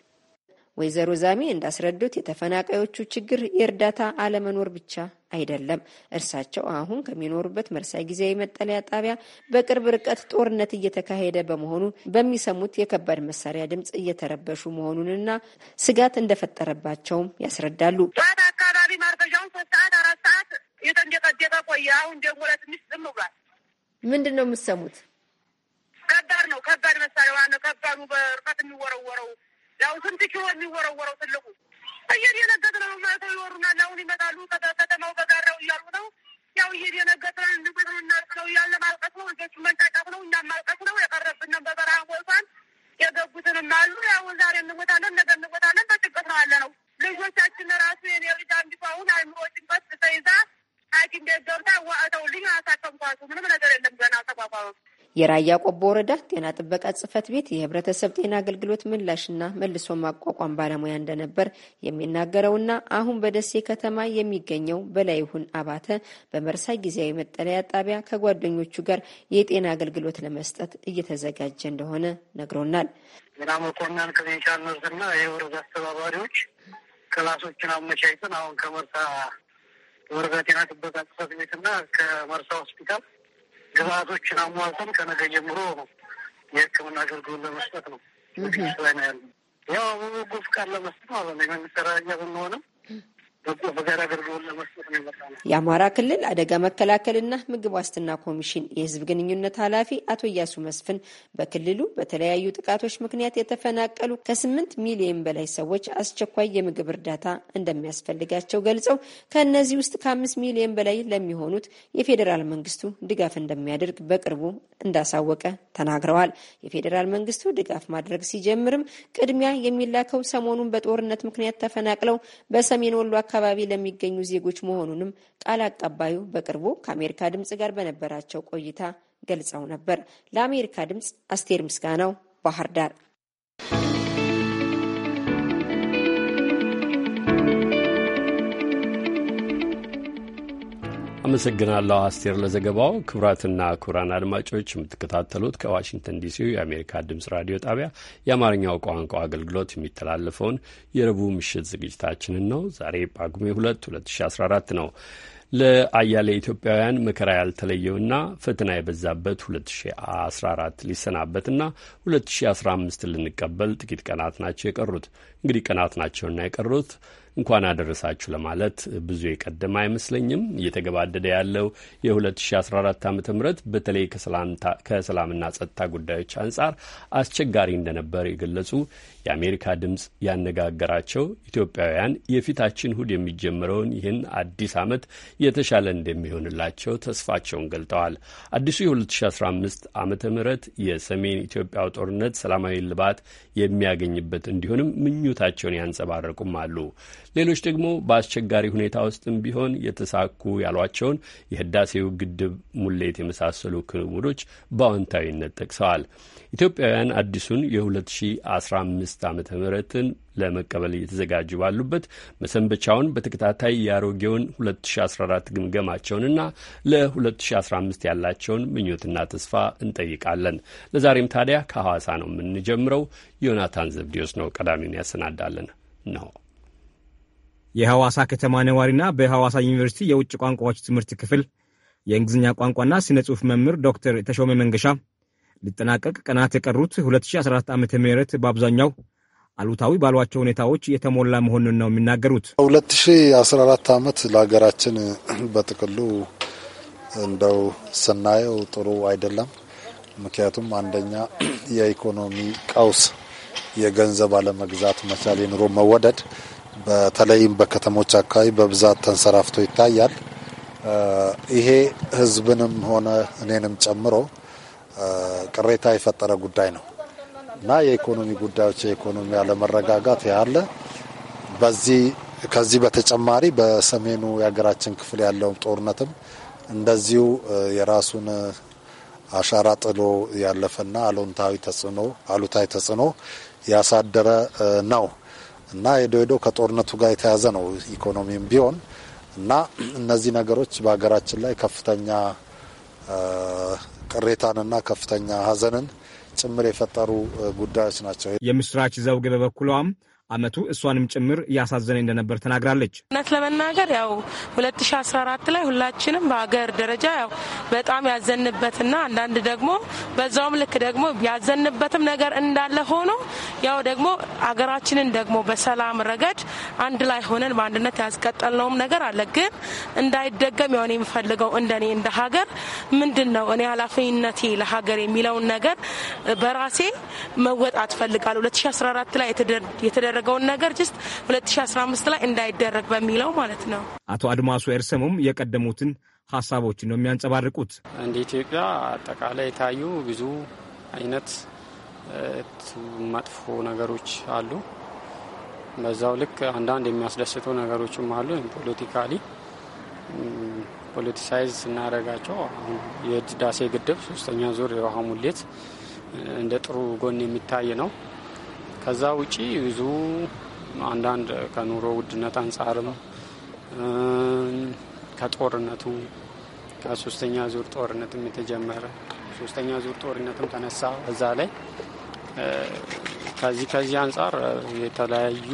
ወይዘሮ ዛሚ እንዳስረዱት የተፈናቃዮቹ ችግር የእርዳታ አለመኖር ብቻ አይደለም። እርሳቸው አሁን ከሚኖሩበት መርሳይ ጊዜያዊ መጠለያ ጣቢያ በቅርብ ርቀት ጦርነት እየተካሄደ በመሆኑ በሚሰሙት የከባድ መሳሪያ ድምፅ እየተረበሹ መሆኑንና ስጋት እንደፈጠረባቸውም ያስረዳሉ። ሰዓት አካባቢ ማርፈሻውን ሶስት ሰዓት አራት ሰዓት ቆየ። አሁን ደግሞ ለትንሽ ዝም ብሏል። ምንድን ነው የምትሰሙት? ከባድ ነው። ከባድ መሳሪያ ነው ከባዱ በርቀት የሚወረወረው ያው ስንት ኪሎ የሚወረወረው ትልቁ እየድ እየደነገጥን ነው። ማተው ይወሩናል። አሁን ይመጣሉ ከተማው በጋራው እያሉ ነው። ያው እየድ እየደነገጥን እንድቁጥ እናልቅ ነው እያለ ማልቀት ነው። ልጆቹ መንጫጫት ነው። እኛም ማልቀት ነው። የቀረብንም በበረሃ ወልቷን የገቡትንም አሉ። ያው ዛሬ እንወጣለን፣ ነገ እንወጣለን። በጭንቀት ነው ያለ ነው ልጆቻችን ራሱ የኔ ልጅ አንዲቱ አሁን አእምሮ ጭንቀት ተይዛ ሐኪም ቤት ገብታ ዋእተው አሳከምኳቱ ምንም ነገር የለም ገና ተቋቋመ የራያ ቆቦ ወረዳ ጤና ጥበቃ ጽህፈት ቤት የህብረተሰብ ጤና አገልግሎት ምላሽና መልሶ ማቋቋም ባለሙያ እንደነበር የሚናገረውና አሁን በደሴ ከተማ የሚገኘው በላይሁን አባተ በመርሳ ጊዜያዊ መጠለያ ጣቢያ ከጓደኞቹ ጋር የጤና አገልግሎት ለመስጠት እየተዘጋጀ እንደሆነ ነግሮናል። ዜና መኮንን ከቤንሻን ነርና የወረዳ አስተባባሪዎች ክላሶችን አመቻችተን አሁን ከመርሳ ወረዳ ጤና ጥበቃ ጽሕፈት ቤትና ከመርሳ ሆስፒታል ግብአቶችን አሟልተን ከነገ ጀምሮ የህክምና አገልግሎት ለመስጠት ነው። ያው በጎ ፍቃድ ለመስጠት ማለት ነው። የመንግስት ደረጃ ብንሆንም በጎ ፈቃድ አገልግሎት ለመስጠት ነው የመጣ ነው። የአማራ ክልል አደጋ መከላከልና ምግብ ዋስትና ኮሚሽን የህዝብ ግንኙነት ኃላፊ አቶ እያሱ መስፍን በክልሉ በተለያዩ ጥቃቶች ምክንያት የተፈናቀሉ ከስምንት ሚሊዮን በላይ ሰዎች አስቸኳይ የምግብ እርዳታ እንደሚያስፈልጋቸው ገልጸው ከእነዚህ ውስጥ ከአምስት ሚሊዮን በላይ ለሚሆኑት የፌዴራል መንግስቱ ድጋፍ እንደሚያደርግ በቅርቡ እንዳሳወቀ ተናግረዋል። የፌዴራል መንግስቱ ድጋፍ ማድረግ ሲጀምርም ቅድሚያ የሚላከው ሰሞኑን በጦርነት ምክንያት ተፈናቅለው በሰሜን ወሎ አካባቢ አካባቢ ለሚገኙ ዜጎች መሆኑንም ቃል አቀባዩ በቅርቡ ከአሜሪካ ድምጽ ጋር በነበራቸው ቆይታ ገልጸው ነበር። ለአሜሪካ ድምፅ አስቴር ምስጋናው ባህር ዳር አመሰግናለሁ አስቴር ለዘገባው። ክቡራትና ክቡራን አድማጮች የምትከታተሉት ከዋሽንግተን ዲሲው የአሜሪካ ድምፅ ራዲዮ ጣቢያ የአማርኛው ቋንቋ አገልግሎት የሚተላለፈውን የረቡዕ ምሽት ዝግጅታችንን ነው። ዛሬ ጳጉሜ 2 2014 ነው። ለአያሌ ኢትዮጵያውያን መከራ ያልተለየውና ፈተና የበዛበት 2014 ሊሰናበትና 2015 ልንቀበል ጥቂት ቀናት ናቸው የቀሩት። እንግዲህ ቀናት ናቸውና የቀሩት እንኳን አደረሳችሁ ለማለት ብዙ የቀደመ አይመስለኝም። እየተገባደደ ያለው የ2014 ዓ ም በተለይ ከሰላምና ጸጥታ ጉዳዮች አንጻር አስቸጋሪ እንደነበር የገለጹ የአሜሪካ ድምፅ ያነጋገራቸው ኢትዮጵያውያን የፊታችን እሁድ የሚጀምረውን ይህን አዲስ ዓመት የተሻለ እንደሚሆንላቸው ተስፋቸውን ገልጠዋል። አዲሱ የ2015 ዓ ም የሰሜን ኢትዮጵያው ጦርነት ሰላማዊ ልባት የሚያገኝበት እንዲሆንም ምኞታቸውን ያንጸባረቁም አሉ። ሌሎች ደግሞ በአስቸጋሪ ሁኔታ ውስጥም ቢሆን የተሳኩ ያሏቸውን የህዳሴው ግድብ ሙሌት የመሳሰሉ ክንውኖች በአዎንታዊነት ጠቅሰዋል። ኢትዮጵያውያን አዲሱን የ2015 ዓ ምትን ለመቀበል እየተዘጋጁ ባሉበት መሰንበቻውን በተከታታይ የአሮጌውን 2014 ግምገማቸውንና ለ2015 ያላቸውን ምኞትና ተስፋ እንጠይቃለን። ለዛሬም ታዲያ ከሐዋሳ ነው የምንጀምረው። ዮናታን ዘብዲዮስ ነው ቀዳሚውን ያሰናዳለን ነው የሐዋሳ ከተማ ነዋሪና በሐዋሳ ዩኒቨርሲቲ የውጭ ቋንቋዎች ትምህርት ክፍል የእንግሊዝኛ ቋንቋና ስነ ጽሑፍ መምህር ዶክተር ተሾመ መንገሻ ሊጠናቀቅ ቀናት የቀሩት 2014 ዓ ም በአብዛኛው አሉታዊ ባሏቸው ሁኔታዎች የተሞላ መሆኑን ነው የሚናገሩት። 2014 ዓመት ለሀገራችን በጥቅሉ እንደው ስናየው ጥሩ አይደለም። ምክንያቱም አንደኛ የኢኮኖሚ ቀውስ፣ የገንዘብ አለመግዛት መቻል፣ የኑሮ መወደድ በተለይም በከተሞች አካባቢ በብዛት ተንሰራፍቶ ይታያል። ይሄ ህዝብንም ሆነ እኔንም ጨምሮ ቅሬታ የፈጠረ ጉዳይ ነው እና የኢኮኖሚ ጉዳዮች የኢኮኖሚ አለመረጋጋት ያለ በዚህ ከዚህ በተጨማሪ በሰሜኑ የሀገራችን ክፍል ያለውም ጦርነትም እንደዚሁ የራሱን አሻራ ጥሎ ያለፈና ተጽዕኖ አሉታዊ ተጽዕኖ ያሳደረ ነው። እና የዶዶ ከጦርነቱ ጋር የተያዘ ነው ኢኮኖሚም ቢሆን እና እነዚህ ነገሮች በሀገራችን ላይ ከፍተኛ ቅሬታንና ከፍተኛ ሀዘንን ጭምር የፈጠሩ ጉዳዮች ናቸው። የምስራች ዘውግ በበኩሏም አመቱ እሷንም ጭምር እያሳዘነ እንደነበር ተናግራለች። እውነት ለመናገር ያው 2014 ላይ ሁላችንም በሀገር ደረጃ ያው በጣም ያዘንበትና አንዳንድ ደግሞ በዛውም ልክ ደግሞ ያዘንበትም ነገር እንዳለ ሆኖ ያው ደግሞ ሀገራችንን ደግሞ በሰላም ረገድ አንድ ላይ ሆነን በአንድነት ያስቀጠልነውም ነገር አለ። ግን እንዳይደገም የሆነ የምፈልገው እንደኔ እንደ ሀገር ምንድን ነው እኔ ኃላፊነቴ ለሀገር የሚለውን ነገር በራሴ መወጣት ፈልጋለሁ። 2014 ላይ የተደ የተደረገውን ነገር ጅስት 2015 ላይ እንዳይደረግ በሚለው ማለት ነው። አቶ አድማሱ ኤርሰሙም የቀደሙትን ሀሳቦች ነው የሚያንጸባርቁት። እንደ ኢትዮጵያ አጠቃላይ የታዩ ብዙ አይነት መጥፎ ነገሮች አሉ። በዛው ልክ አንዳንድ የሚያስደስቱ ነገሮችም አሉ። ፖለቲካሊ ፖለቲሳይዝ ስናደርጋቸው የዳሴ የህዳሴ ግድብ ሶስተኛ ዙር የውሃ ሙሌት እንደ ጥሩ ጎን የሚታይ ነው። ከዛ ውጪ ብዙ አንዳንድ ከኑሮ ውድነት አንጻርም ከጦርነቱ ከሶስተኛ ዙር ጦርነትም የተጀመረ ሶስተኛ ዙር ጦርነትም ተነሳ። እዛ ላይ ከዚህ ከዚህ አንጻር የተለያዩ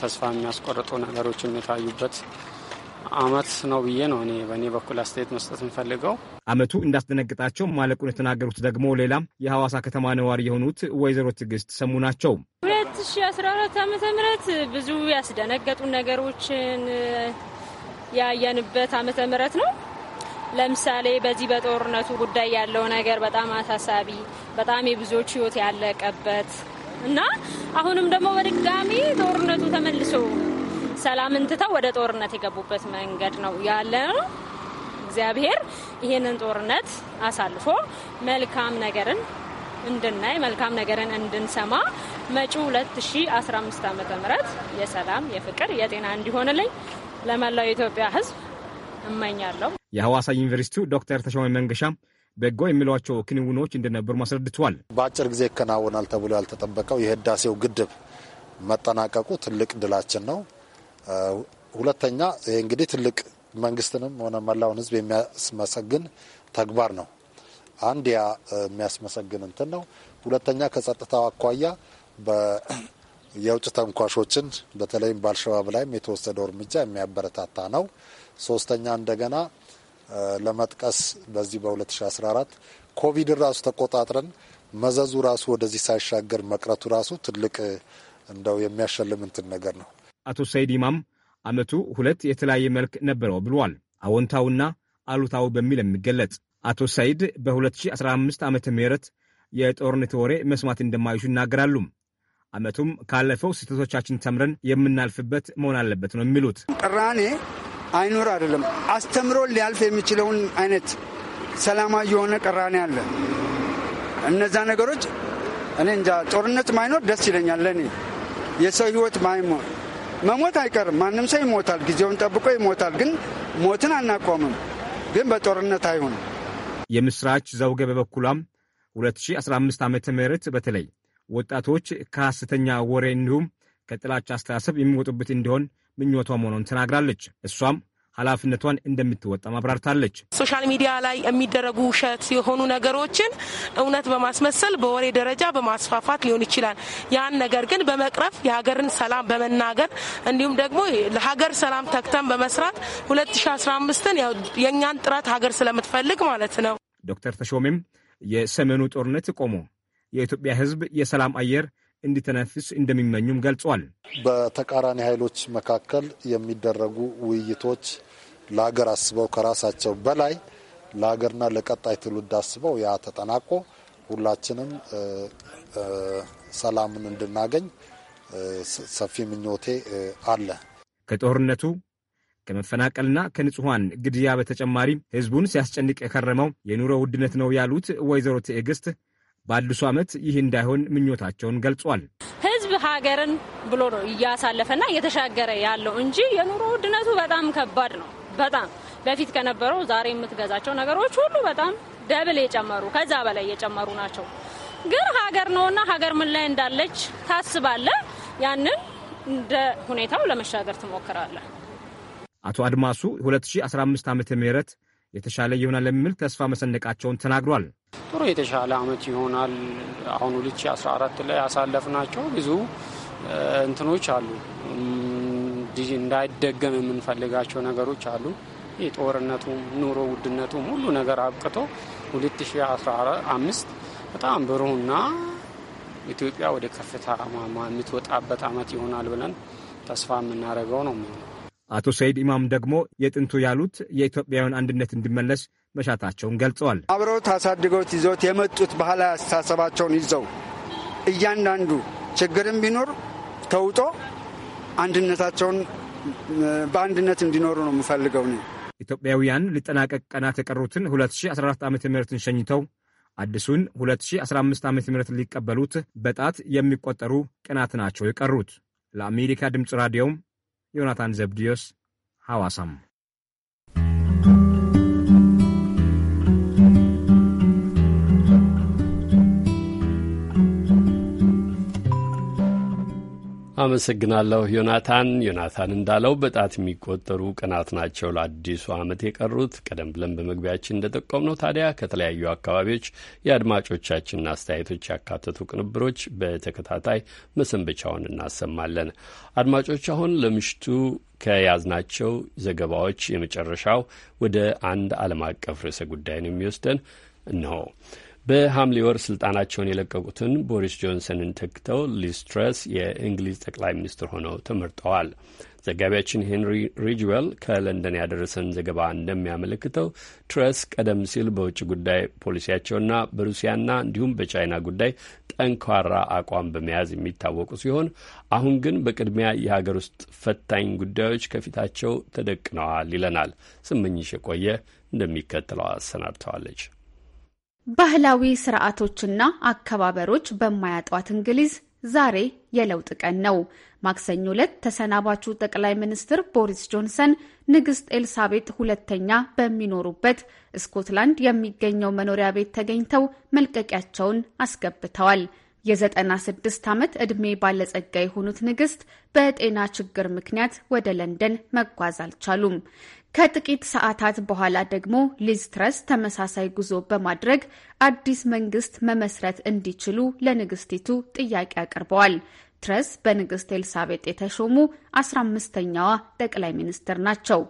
ተስፋ የሚያስቆርጡ ነገሮች የታዩበት አመት ነው ብዬ ነው እኔ በእኔ በኩል አስተያየት መስጠት የምፈልገው። ዓመቱ እንዳስደነግጣቸው ማለቁን የተናገሩት ደግሞ ሌላ የሐዋሳ ከተማ ነዋሪ የሆኑት ወይዘሮ ትዕግስት ሰሙ ናቸው። 2014 ዓ ምህረት ብዙ ያስደነገጡ ነገሮችን ያየንበት ዓመተ ምህረት ነው። ለምሳሌ በዚህ በጦርነቱ ጉዳይ ያለው ነገር በጣም አሳሳቢ፣ በጣም የብዙዎች ህይወት ያለቀበት እና አሁንም ደግሞ በድጋሚ ጦርነቱ ተመልሶ ሰላምን ትተው ወደ ጦርነት የገቡበት መንገድ ነው ያለ ነው። እግዚአብሔር ይህንን ጦርነት አሳልፎ መልካም ነገርን እንድናይ መልካም ነገርን እንድንሰማ መጪው 2015 ዓ ም የሰላም፣ የፍቅር፣ የጤና እንዲሆንልኝ ለመላው የኢትዮጵያ ህዝብ እመኛለሁ። የሐዋሳ ዩኒቨርሲቲው ዶክተር ተሾመ መንገሻ በጎ የሚሏቸው ክንውኖች እንደነበሩ አስረድተዋል። በአጭር ጊዜ ይከናወናል ተብሎ ያልተጠበቀው የህዳሴው ግድብ መጠናቀቁ ትልቅ ድላችን ነው። ሁለተኛ ይህ እንግዲህ ትልቅ መንግስትንም ሆነ መላውን ህዝብ የሚያስመሰግን ተግባር ነው። አንድ ያ የሚያስመሰግን እንትን ነው። ሁለተኛ ከጸጥታው አኳያ የውጭ ተንኳሾችን በተለይም በአልሸባብ ላይም የተወሰደው እርምጃ የሚያበረታታ ነው። ሶስተኛ እንደገና ለመጥቀስ በዚህ በ2014 ኮቪድ ራሱ ተቆጣጥረን መዘዙ ራሱ ወደዚህ ሳይሻገር መቅረቱ ራሱ ትልቅ እንደው የሚያሸልም እንትን ነገር ነው። አቶ ሰይድ ኢማም ዓመቱ ሁለት የተለያየ መልክ ነበረው ብሏል። አዎንታውና አሉታው በሚል የሚገለጽ አቶ ሰይድ በ2015 ዓ ም የጦርነት ወሬ መስማት እንደማይሹ ይናገራሉ። ዓመቱም ካለፈው ስህተቶቻችን ተምረን የምናልፍበት መሆን አለበት ነው የሚሉት። ቅራኔ አይኖር አይደለም አስተምሮ ሊያልፍ የሚችለውን አይነት ሰላማዊ የሆነ ቅራኔ አለ። እነዛ ነገሮች እኔ እንጃ ጦርነት ማይኖር ደስ ይለኛል። ለእኔ የሰው ህይወት መሞት አይቀርም። ማንም ሰው ይሞታል፣ ጊዜውን ጠብቆ ይሞታል። ግን ሞትን አናቆምም። ግን በጦርነት አይሆንም። የምስራች ዘውገ በበኩሏም 2015 ዓ ም በተለይ ወጣቶች ከሐሰተኛ ወሬ እንዲሁም ከጥላቻ አስተሳሰብ የሚወጡበት እንዲሆን ምኞቷ መሆኑን ተናግራለች። እሷም ኃላፊነቷን እንደምትወጣ አብራርታለች። ሶሻል ሚዲያ ላይ የሚደረጉ ውሸት የሆኑ ነገሮችን እውነት በማስመሰል በወሬ ደረጃ በማስፋፋት ሊሆን ይችላል። ያን ነገር ግን በመቅረፍ የሀገርን ሰላም በመናገር እንዲሁም ደግሞ ለሀገር ሰላም ተግተን በመስራት 2015ን የእኛን ጥረት ሀገር ስለምትፈልግ ማለት ነው። ዶክተር ተሾሜም የሰሜኑ ጦርነት ቆሞ የኢትዮጵያ ሕዝብ የሰላም አየር እንዲተነፍስ እንደሚመኙም ገልጿል። በተቃራኒ ኃይሎች መካከል የሚደረጉ ውይይቶች ለሀገር አስበው ከራሳቸው በላይ ለሀገርና ለቀጣይ ትውልድ አስበው ያ ተጠናቆ ሁላችንም ሰላምን እንድናገኝ ሰፊ ምኞቴ አለ። ከጦርነቱ ከመፈናቀልና ከንጹሐን ግድያ በተጨማሪ ህዝቡን ሲያስጨንቅ የከረመው የኑሮ ውድነት ነው ያሉት ወይዘሮ ትዕግስት በአዲሱ ዓመት ይህ እንዳይሆን ምኞታቸውን ገልጿል። ህዝብ ሀገርን ብሎ ነው እያሳለፈና እየተሻገረ ያለው እንጂ የኑሮ ውድነቱ በጣም ከባድ ነው። በጣም በፊት ከነበረው ዛሬ የምትገዛቸው ነገሮች ሁሉ በጣም ደብል የጨመሩ ከዛ በላይ የጨመሩ ናቸው። ግን ሀገር ነውና ሀገር ምን ላይ እንዳለች ታስባለ። ያንን እንደ ሁኔታው ለመሻገር ትሞክራለ። አቶ አድማሱ 2015 ዓ ም የተሻለ ይሆናል የሚል ተስፋ መሰነቃቸውን ተናግሯል። ጥሩ የተሻለ አመት ይሆናል። አሁን 2014 ላይ ያሳለፍናቸው ብዙ እንትኖች አሉ እንዳይደገም የምንፈልጋቸው ነገሮች አሉ። ይህ ጦርነቱም፣ ኑሮ ውድነቱም ሁሉ ነገር አብቅቶ 2015 በጣም ብሩህና ኢትዮጵያ ወደ ከፍታ ማማ የምትወጣበት ዓመት ይሆናል ብለን ተስፋ የምናደርገው ነው አቶ ሰይድ ኢማም ደግሞ የጥንቱ ያሉት የኢትዮጵያውያን አንድነት እንዲመለስ መሻታቸውን ገልጸዋል። አብረው ታሳድገውት ይዘውት የመጡት ባህላዊ አስተሳሰባቸውን ይዘው እያንዳንዱ ችግርም ቢኖር ተውጦ አንድነታቸውን በአንድነት እንዲኖሩ ነው የምፈልገው ነው። ኢትዮጵያውያን ሊጠናቀቅ ቀናት የቀሩትን 2014 ዓ ምትን ሸኝተው አዲሱን 2015 ዓ ምት ሊቀበሉት በጣት የሚቆጠሩ ቀናት ናቸው የቀሩት። ለአሜሪካ ድምፅ ራዲዮም ዮናታን ዘብዲዮስ ሐዋሳም አመሰግናለሁ ዮናታን። ዮናታን እንዳለው በጣት የሚቆጠሩ ቀናት ናቸው ለአዲሱ ዓመት የቀሩት። ቀደም ብለን በመግቢያችን እንደጠቆም ነው ታዲያ ከተለያዩ አካባቢዎች የአድማጮቻችንን አስተያየቶች ያካተቱ ቅንብሮች በተከታታይ መሰንበቻውን እናሰማለን። አድማጮች አሁን ለምሽቱ ከያዝናቸው ዘገባዎች የመጨረሻው ወደ አንድ ዓለም አቀፍ ርዕሰ ጉዳይ ነው የሚወስደን እነሆ በሐምሌ ወር ስልጣናቸውን የለቀቁትን ቦሪስ ጆንሰንን ተክተው ሊስትረስ የእንግሊዝ ጠቅላይ ሚኒስትር ሆነው ተመርጠዋል። ዘጋቢያችን ሄንሪ ሪጅዌል ከለንደን ያደረሰን ዘገባ እንደሚያመለክተው ትረስ ቀደም ሲል በውጭ ጉዳይ ፖሊሲያቸውና በሩሲያና እንዲሁም በቻይና ጉዳይ ጠንካራ አቋም በመያዝ የሚታወቁ ሲሆን አሁን ግን በቅድሚያ የሀገር ውስጥ ፈታኝ ጉዳዮች ከፊታቸው ተደቅነዋል ይለናል። ስምኝሽ የቆየ እንደሚከተለው አሰናድተዋለች። ባህላዊ ስርዓቶችና አከባበሮች በማያጧት እንግሊዝ ዛሬ የለውጥ ቀን ነው። ማክሰኞ ዕለት ተሰናባቹ ጠቅላይ ሚኒስትር ቦሪስ ጆንሰን ንግሥት ኤልሳቤጥ ሁለተኛ በሚኖሩበት ስኮትላንድ የሚገኘው መኖሪያ ቤት ተገኝተው መልቀቂያቸውን አስገብተዋል። የ96 ዓመት ዕድሜ ባለጸጋ የሆኑት ንግሥት በጤና ችግር ምክንያት ወደ ለንደን መጓዝ አልቻሉም። ከጥቂት ሰዓታት በኋላ ደግሞ ሊዝ ትረስ ተመሳሳይ ጉዞ በማድረግ አዲስ መንግስት መመስረት እንዲችሉ ለንግስቲቱ ጥያቄ አቅርበዋል። ትረስ በንግስት ኤልሳቤጥ የተሾሙ 15 ኛዋ ጠቅላይ ሚኒስትር ናቸው።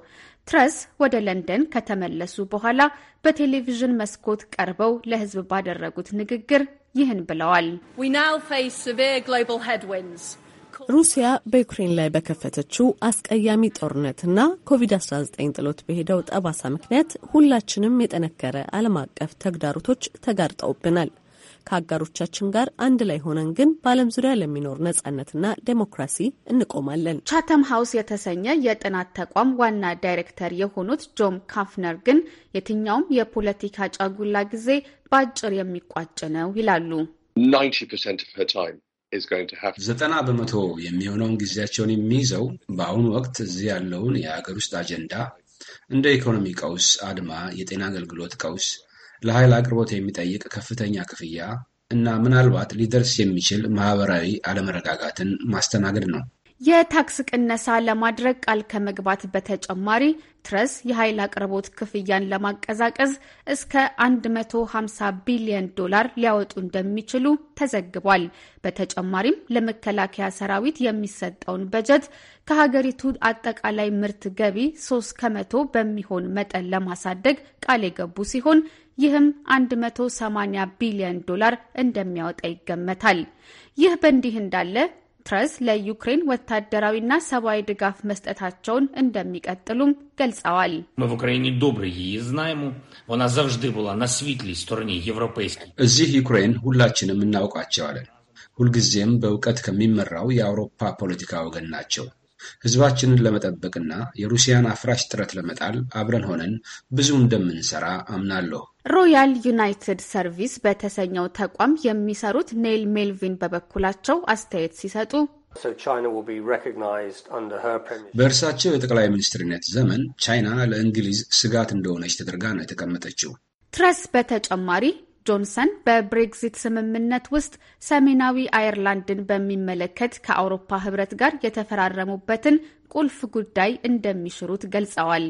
ትረስ ወደ ለንደን ከተመለሱ በኋላ በቴሌቪዥን መስኮት ቀርበው ለህዝብ ባደረጉት ንግግር ይህን ብለዋል። We now face severe global headwinds. ሩሲያ በዩክሬን ላይ በከፈተችው አስቀያሚ ጦርነትና ኮቪድ-19 ጥሎት በሄደው ጠባሳ ምክንያት ሁላችንም የጠነከረ ዓለም አቀፍ ተግዳሮቶች ተጋርጠውብናል። ከአጋሮቻችን ጋር አንድ ላይ ሆነን ግን በዓለም ዙሪያ ለሚኖር ነጻነትና ዴሞክራሲ እንቆማለን። ቻተም ሀውስ የተሰኘ የጥናት ተቋም ዋና ዳይሬክተር የሆኑት ጆም ካፍነር ግን የትኛውም የፖለቲካ ጫጉላ ጊዜ በአጭር የሚቋጭ ነው ይላሉ። 90% of her time ዘጠና በመቶ የሚሆነውን ጊዜያቸውን የሚይዘው በአሁኑ ወቅት እዚህ ያለውን የሀገር ውስጥ አጀንዳ እንደ ኢኮኖሚ ቀውስ፣ አድማ፣ የጤና አገልግሎት ቀውስ፣ ለኃይል አቅርቦት የሚጠይቅ ከፍተኛ ክፍያ እና ምናልባት ሊደርስ የሚችል ማህበራዊ አለመረጋጋትን ማስተናገድ ነው። የታክስ ቅነሳ ለማድረግ ቃል ከመግባት በተጨማሪ ትረስ የኃይል አቅርቦት ክፍያን ለማቀዛቀዝ እስከ 150 ቢሊዮን ዶላር ሊያወጡ እንደሚችሉ ተዘግቧል። በተጨማሪም ለመከላከያ ሰራዊት የሚሰጠውን በጀት ከሀገሪቱ አጠቃላይ ምርት ገቢ 3 ከመቶ በሚሆን መጠን ለማሳደግ ቃል የገቡ ሲሆን ይህም 180 ቢሊዮን ዶላር እንደሚያወጣ ይገመታል። ይህ በእንዲህ እንዳለ ትረስ ለዩክሬን ወታደራዊና ሰብአዊ ድጋፍ መስጠታቸውን እንደሚቀጥሉም ገልጸዋል። እዚህ ዩክሬን ሁላችንም እናውቃቸዋለን። ሁልጊዜም በእውቀት ከሚመራው የአውሮፓ ፖለቲካ ወገን ናቸው። ህዝባችንን ለመጠበቅና የሩሲያን አፍራሽ ጥረት ለመጣል አብረን ሆነን ብዙ እንደምንሰራ አምናለሁ። ሮያል ዩናይትድ ሰርቪስ በተሰኘው ተቋም የሚሰሩት ኔል ሜልቪን በበኩላቸው አስተያየት ሲሰጡ በእርሳቸው የጠቅላይ ሚኒስትርነት ዘመን ቻይና ለእንግሊዝ ስጋት እንደሆነች ተደርጋ ነው የተቀመጠችው። ትረስ በተጨማሪ ጆንሰን በብሬግዚት ስምምነት ውስጥ ሰሜናዊ አየርላንድን በሚመለከት ከአውሮፓ ሕብረት ጋር የተፈራረሙበትን ቁልፍ ጉዳይ እንደሚሽሩት ገልጸዋል።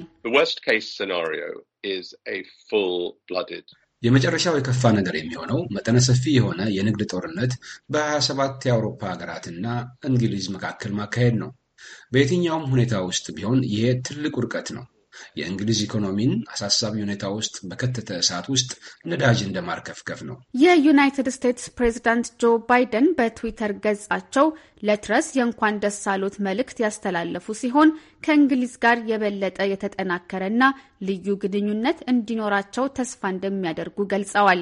የመጨረሻው የከፋ ነገር የሚሆነው መጠነ ሰፊ የሆነ የንግድ ጦርነት በ27 የአውሮፓ ሀገራትና እንግሊዝ መካከል ማካሄድ ነው። በየትኛውም ሁኔታ ውስጥ ቢሆን ይሄ ትልቅ ውድቀት ነው። የእንግሊዝ ኢኮኖሚን አሳሳቢ ሁኔታ ውስጥ በከተተ እሳት ውስጥ ነዳጅ እንደማርከፍከፍ ነው። የዩናይትድ ስቴትስ ፕሬዚዳንት ጆ ባይደን በትዊተር ገጻቸው ለትረስ የእንኳን ደስ አሎት መልእክት ያስተላለፉ ሲሆን ከእንግሊዝ ጋር የበለጠ የተጠናከረና ልዩ ግንኙነት እንዲኖራቸው ተስፋ እንደሚያደርጉ ገልጸዋል።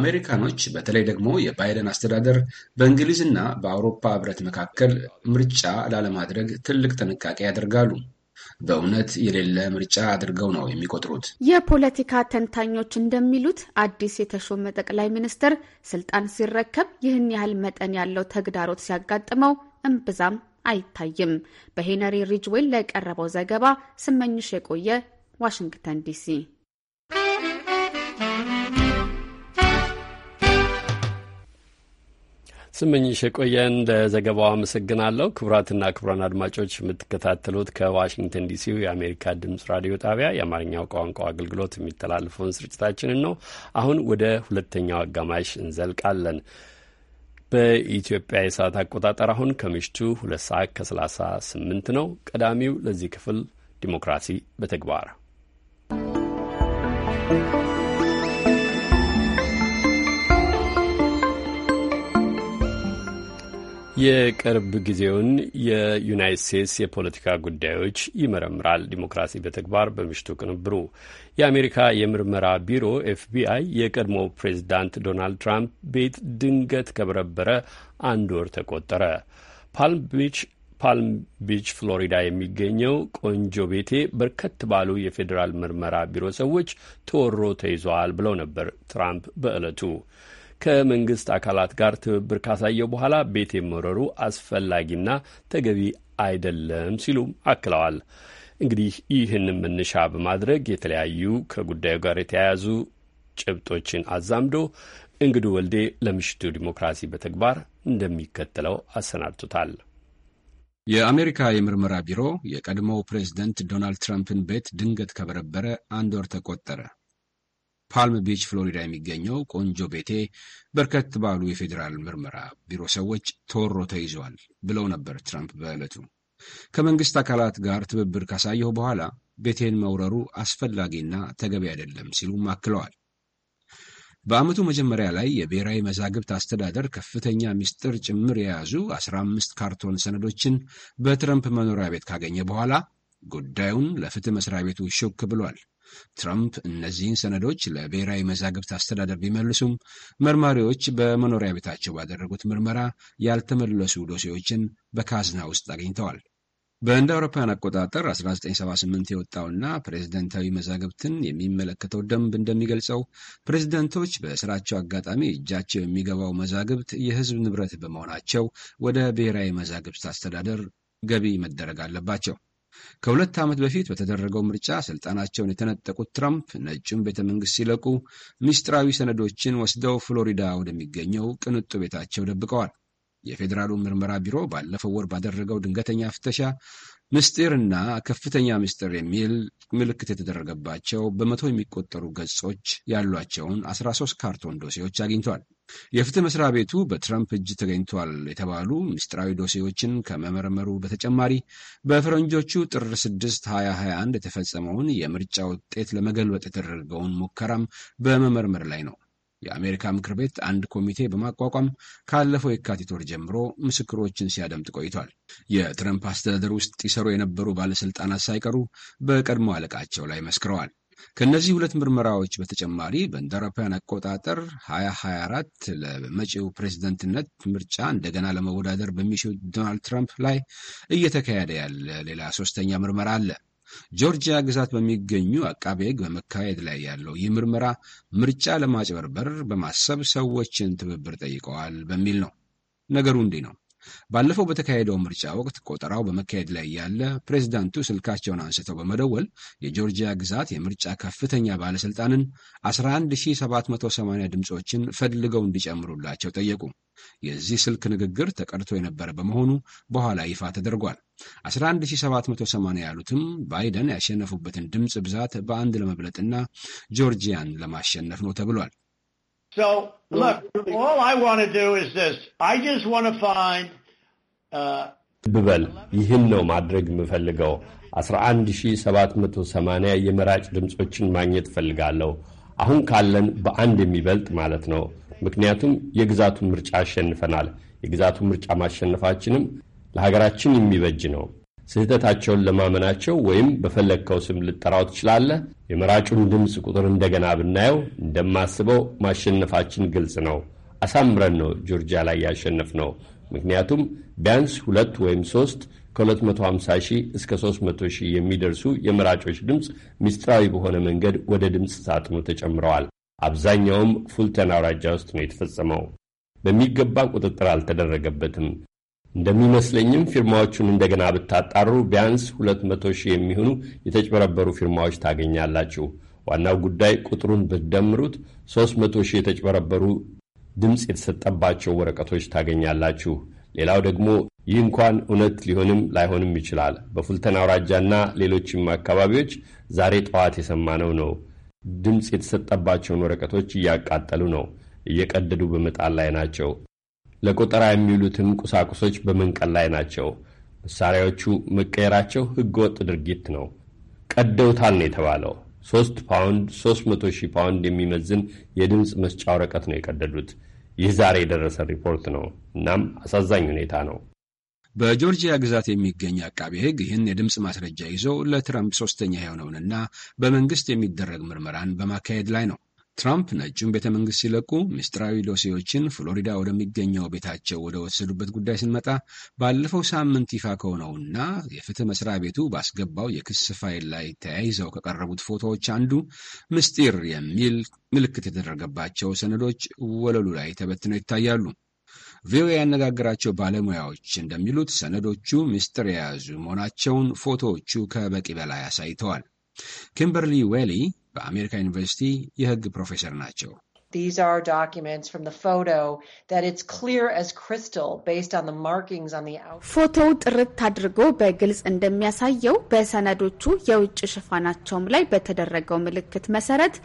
አሜሪካኖች በተለይ ደግሞ የባይደን አስተዳደር በእንግሊዝና በአውሮፓ ሕብረት መካከል ምርጫ ላለማድረግ ትልቅ ጥንቃቄ ያደርጋሉ። በእውነት የሌለ ምርጫ አድርገው ነው የሚቆጥሩት። የፖለቲካ ተንታኞች እንደሚሉት አዲስ የተሾመ ጠቅላይ ሚኒስትር ስልጣን ሲረከብ ይህን ያህል መጠን ያለው ተግዳሮት ሲያጋጥመው እምብዛም አይታይም። በሄነሪ ሪጅዌል ለቀረበው ዘገባ ስመኝሽ የቆየ ዋሽንግተን ዲሲ ስመኝሽ የቆየን ለዘገባው አመሰግናለሁ። ክቡራትና ክቡራን አድማጮች የምትከታተሉት ከዋሽንግተን ዲሲው የአሜሪካ ድምፅ ራዲዮ ጣቢያ የአማርኛው ቋንቋ አገልግሎት የሚተላለፈውን ስርጭታችንን ነው። አሁን ወደ ሁለተኛው አጋማሽ እንዘልቃለን። በኢትዮጵያ የሰዓት አቆጣጠር አሁን ከምሽቱ ሁለት ሰዓት ከሰላሳ ስምንት ነው። ቀዳሚው ለዚህ ክፍል ዲሞክራሲ በተግባር የቅርብ ጊዜውን የዩናይት ስቴትስ የፖለቲካ ጉዳዮች ይመረምራል። ዲሞክራሲ በተግባር በምሽቱ ቅንብሩ የአሜሪካ የምርመራ ቢሮ ኤፍቢአይ የቀድሞ ፕሬዚዳንት ዶናልድ ትራምፕ ቤት ድንገት ከበረበረ አንድ ወር ተቆጠረ። ፓልም ቢች ፓልም ቢች ፍሎሪዳ የሚገኘው ቆንጆ ቤቴ በርከት ባሉ የፌዴራል ምርመራ ቢሮ ሰዎች ተወሮ ተይዘዋል ብለው ነበር ትራምፕ በዕለቱ ከመንግስት አካላት ጋር ትብብር ካሳየው በኋላ ቤት የመረሩ አስፈላጊና ተገቢ አይደለም ሲሉም አክለዋል። እንግዲህ ይህንን መነሻ በማድረግ የተለያዩ ከጉዳዩ ጋር የተያያዙ ጭብጦችን አዛምዶ እንግዱ ወልዴ ለምሽቱ ዲሞክራሲ በተግባር እንደሚከተለው አሰናድቶታል። የአሜሪካ የምርመራ ቢሮ የቀድሞው ፕሬዝደንት ዶናልድ ትራምፕን ቤት ድንገት ከበረበረ አንድ ወር ተቆጠረ። ፓልም ቢች ፍሎሪዳ የሚገኘው ቆንጆ ቤቴ በርከት ባሉ የፌዴራል ምርመራ ቢሮ ሰዎች ተወሮ ተይዘዋል ብለው ነበር ትራምፕ በዕለቱ። ከመንግሥት አካላት ጋር ትብብር ካሳየሁ በኋላ ቤቴን መውረሩ አስፈላጊና ተገቢ አይደለም ሲሉም አክለዋል። በዓመቱ መጀመሪያ ላይ የብሔራዊ መዛግብት አስተዳደር ከፍተኛ ምስጢር ጭምር የያዙ 15 ካርቶን ሰነዶችን በትረምፕ መኖሪያ ቤት ካገኘ በኋላ ጉዳዩን ለፍትህ መስሪያ ቤቱ ሹክ ብሏል። ትራምፕ እነዚህን ሰነዶች ለብሔራዊ መዛግብት አስተዳደር ቢመልሱም መርማሪዎች በመኖሪያ ቤታቸው ባደረጉት ምርመራ ያልተመለሱ ዶሴዎችን በካዝና ውስጥ አግኝተዋል። በእንደ አውሮፓውያን አቆጣጠር 1978 የወጣውና ፕሬዝደንታዊ መዛግብትን የሚመለከተው ደንብ እንደሚገልጸው ፕሬዝደንቶች በስራቸው አጋጣሚ እጃቸው የሚገባው መዛግብት የሕዝብ ንብረት በመሆናቸው ወደ ብሔራዊ መዛግብት አስተዳደር ገቢ መደረግ አለባቸው። ከሁለት ዓመት በፊት በተደረገው ምርጫ ስልጣናቸውን የተነጠቁት ትራምፕ ነጩን ቤተ መንግሥት ሲለቁ ምስጢራዊ ሰነዶችን ወስደው ፍሎሪዳ ወደሚገኘው ቅንጡ ቤታቸው ደብቀዋል። የፌዴራሉ ምርመራ ቢሮ ባለፈው ወር ባደረገው ድንገተኛ ፍተሻ ምስጢርና ከፍተኛ ምስጢር የሚል ምልክት የተደረገባቸው በመቶ የሚቆጠሩ ገጾች ያሏቸውን 13 ካርቶን ዶሴዎች አግኝቷል። የፍትህ መስሪያ ቤቱ በትራምፕ እጅ ተገኝቷል የተባሉ ምስጢራዊ ዶሴዎችን ከመመርመሩ በተጨማሪ በፈረንጆቹ ጥር 6 2021 የተፈጸመውን የምርጫ ውጤት ለመገልበጥ የተደረገውን ሙከራም በመመርመር ላይ ነው። የአሜሪካ ምክር ቤት አንድ ኮሚቴ በማቋቋም ካለፈው የካቲት ወር ጀምሮ ምስክሮችን ሲያደምጥ ቆይቷል። የትረምፕ አስተዳደር ውስጥ ይሰሩ የነበሩ ባለስልጣናት ሳይቀሩ በቀድሞ አለቃቸው ላይ መስክረዋል። ከእነዚህ ሁለት ምርመራዎች በተጨማሪ በእንደ አውሮፓውያን አቆጣጠር 2024 ለመጪው ፕሬዝደንትነት ምርጫ እንደገና ለመወዳደር በሚሽው ዶናልድ ትራምፕ ላይ እየተካሄደ ያለ ሌላ ሶስተኛ ምርመራ አለ። ጆርጂያ ግዛት በሚገኙ አቃቤ ሕግ በመካሄድ ላይ ያለው ይህ ምርመራ ምርጫ ለማጭበርበር በማሰብ ሰዎችን ትብብር ጠይቀዋል በሚል ነው። ነገሩ እንዲህ ነው። ባለፈው በተካሄደው ምርጫ ወቅት ቆጠራው በመካሄድ ላይ ያለ ፕሬዚዳንቱ ስልካቸውን አንስተው በመደወል የጆርጂያ ግዛት የምርጫ ከፍተኛ ባለሥልጣንን 11780 ድምፆችን ፈልገው እንዲጨምሩላቸው ጠየቁ። የዚህ ስልክ ንግግር ተቀድቶ የነበረ በመሆኑ በኋላ ይፋ ተደርጓል። 11780 ያሉትም ባይደን ያሸነፉበትን ድምፅ ብዛት በአንድ ለመብለጥና ጆርጂያን ለማሸነፍ ነው ተብሏል። So look, all I want to do is this. I just want to find uh, ብበል ይህን ነው ማድረግ የምፈልገው። 11780 የመራጭ ድምፆችን ማግኘት እፈልጋለሁ። አሁን ካለን በአንድ የሚበልጥ ማለት ነው። ምክንያቱም የግዛቱን ምርጫ አሸንፈናል። የግዛቱን ምርጫ ማሸነፋችንም ለሀገራችን የሚበጅ ነው። ስህተታቸውን ለማመናቸው ወይም በፈለግከው ስም ልጠራው ትችላለህ። የመራጩን ድምፅ ቁጥር እንደገና ብናየው እንደማስበው ማሸነፋችን ግልጽ ነው። አሳምረን ነው ጆርጂያ ላይ ያሸነፍ ነው። ምክንያቱም ቢያንስ ሁለት ወይም ሶስት ከ250 ሺህ እስከ 300 ሺህ የሚደርሱ የመራጮች ድምፅ ምስጢራዊ በሆነ መንገድ ወደ ድምፅ ሳጥኑ ተጨምረዋል። አብዛኛውም ፉልተን አውራጃ ውስጥ ነው የተፈጸመው። በሚገባ ቁጥጥር አልተደረገበትም። እንደሚመስለኝም ፊርማዎቹን እንደገና ብታጣሩ ቢያንስ ሁለት መቶ ሺህ የሚሆኑ የተጭበረበሩ ፊርማዎች ታገኛላችሁ። ዋናው ጉዳይ ቁጥሩን ብትደምሩት 300 መቶ ሺህ የተጭበረበሩ ድምፅ የተሰጠባቸው ወረቀቶች ታገኛላችሁ። ሌላው ደግሞ ይህ እንኳን እውነት ሊሆንም ላይሆንም ይችላል። በፉልተን አውራጃና ሌሎችም አካባቢዎች ዛሬ ጠዋት የሰማነው ነው። ድምፅ የተሰጠባቸውን ወረቀቶች እያቃጠሉ ነው፣ እየቀደዱ በመጣል ላይ ናቸው። ለቆጠራ የሚውሉትም ቁሳቁሶች በመንቀል ላይ ናቸው። መሳሪያዎቹ መቀየራቸው ህገወጥ ድርጊት ነው። ቀደውታል ነው የተባለው። ሶስት ፓውንድ ሶስት መቶ ሺህ ፓውንድ የሚመዝን የድምፅ መስጫ ወረቀት ነው የቀደዱት። ይህ ዛሬ የደረሰ ሪፖርት ነው። እናም አሳዛኝ ሁኔታ ነው። በጆርጂያ ግዛት የሚገኝ አቃቤ ሕግ ይህን የድምፅ ማስረጃ ይዞ ለትራምፕ ሶስተኛ የሆነውንና በመንግስት የሚደረግ ምርመራን በማካሄድ ላይ ነው። ትራምፕ ነጩን ቤተ መንግስት ሲለቁ ምስጢራዊ ዶሴዎችን ፍሎሪዳ ወደሚገኘው ቤታቸው ወደ ወሰዱበት ጉዳይ ስንመጣ ባለፈው ሳምንት ይፋ ከሆነውና የፍትህ መስሪያ ቤቱ ባስገባው የክስ ፋይል ላይ ተያይዘው ከቀረቡት ፎቶዎች አንዱ ምስጢር የሚል ምልክት የተደረገባቸው ሰነዶች ወለሉ ላይ ተበትነው ይታያሉ። ቪኦኤ ያነጋገራቸው ባለሙያዎች እንደሚሉት ሰነዶቹ ምስጢር የያዙ መሆናቸውን ፎቶዎቹ ከበቂ በላይ አሳይተዋል። ኪምበርሊ ዌሊ በአሜሪካ ዩኒቨርሲቲ የሕግ ፕሮፌሰር ናቸው። These are documents from the photo that it's clear as crystal based on the markings on the outside. ፎቶው ጥርት አድርጎ በግልጽ እንደሚያሳየው በሰነዶቹ የውጭ ሽፋናቸውም ላይ በተደረገው ምልክት መሰረት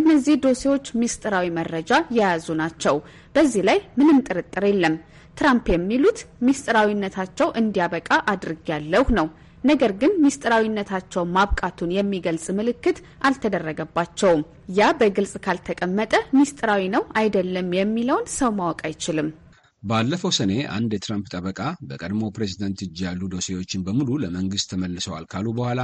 እነዚህ ዶሴዎች ሚስጥራዊ መረጃ የያዙ ናቸው። በዚህ ላይ ምንም ጥርጥር የለም። ትራምፕ የሚሉት ሚስጥራዊነታቸው እንዲያበቃ አድርጊያለሁ ነው። ነገር ግን ሚስጥራዊነታቸው ማብቃቱን የሚገልጽ ምልክት አልተደረገባቸውም። ያ በግልጽ ካልተቀመጠ ሚስጥራዊ ነው አይደለም የሚለውን ሰው ማወቅ አይችልም። ባለፈው ሰኔ አንድ የትራምፕ ጠበቃ በቀድሞ ፕሬዚደንት እጅ ያሉ ዶሴዎችን በሙሉ ለመንግስት ተመልሰዋል ካሉ በኋላ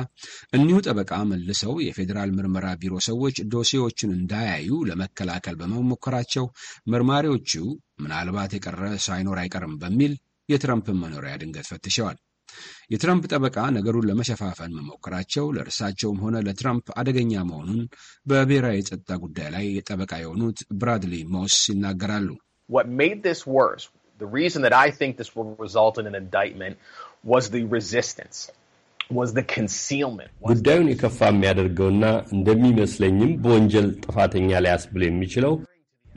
እኒሁ ጠበቃ መልሰው የፌዴራል ምርመራ ቢሮ ሰዎች ዶሴዎቹን እንዳያዩ ለመከላከል በመሞከራቸው መርማሪዎቹ ምናልባት የቀረ ሳይኖር አይቀርም በሚል የትራምፕን መኖሪያ ድንገት ፈትሸዋል። የትራምፕ ጠበቃ ነገሩን ለመሸፋፈን መሞከራቸው ለእርሳቸውም ሆነ ለትራምፕ አደገኛ መሆኑን በብሔራዊ የጸጥታ ጉዳይ ላይ ጠበቃ የሆኑት ብራድሊ ሞስ ይናገራሉ። ጉዳዩን የከፋ የሚያደርገውና እንደሚመስለኝም በወንጀል ጥፋተኛ ሊያስብል የሚችለው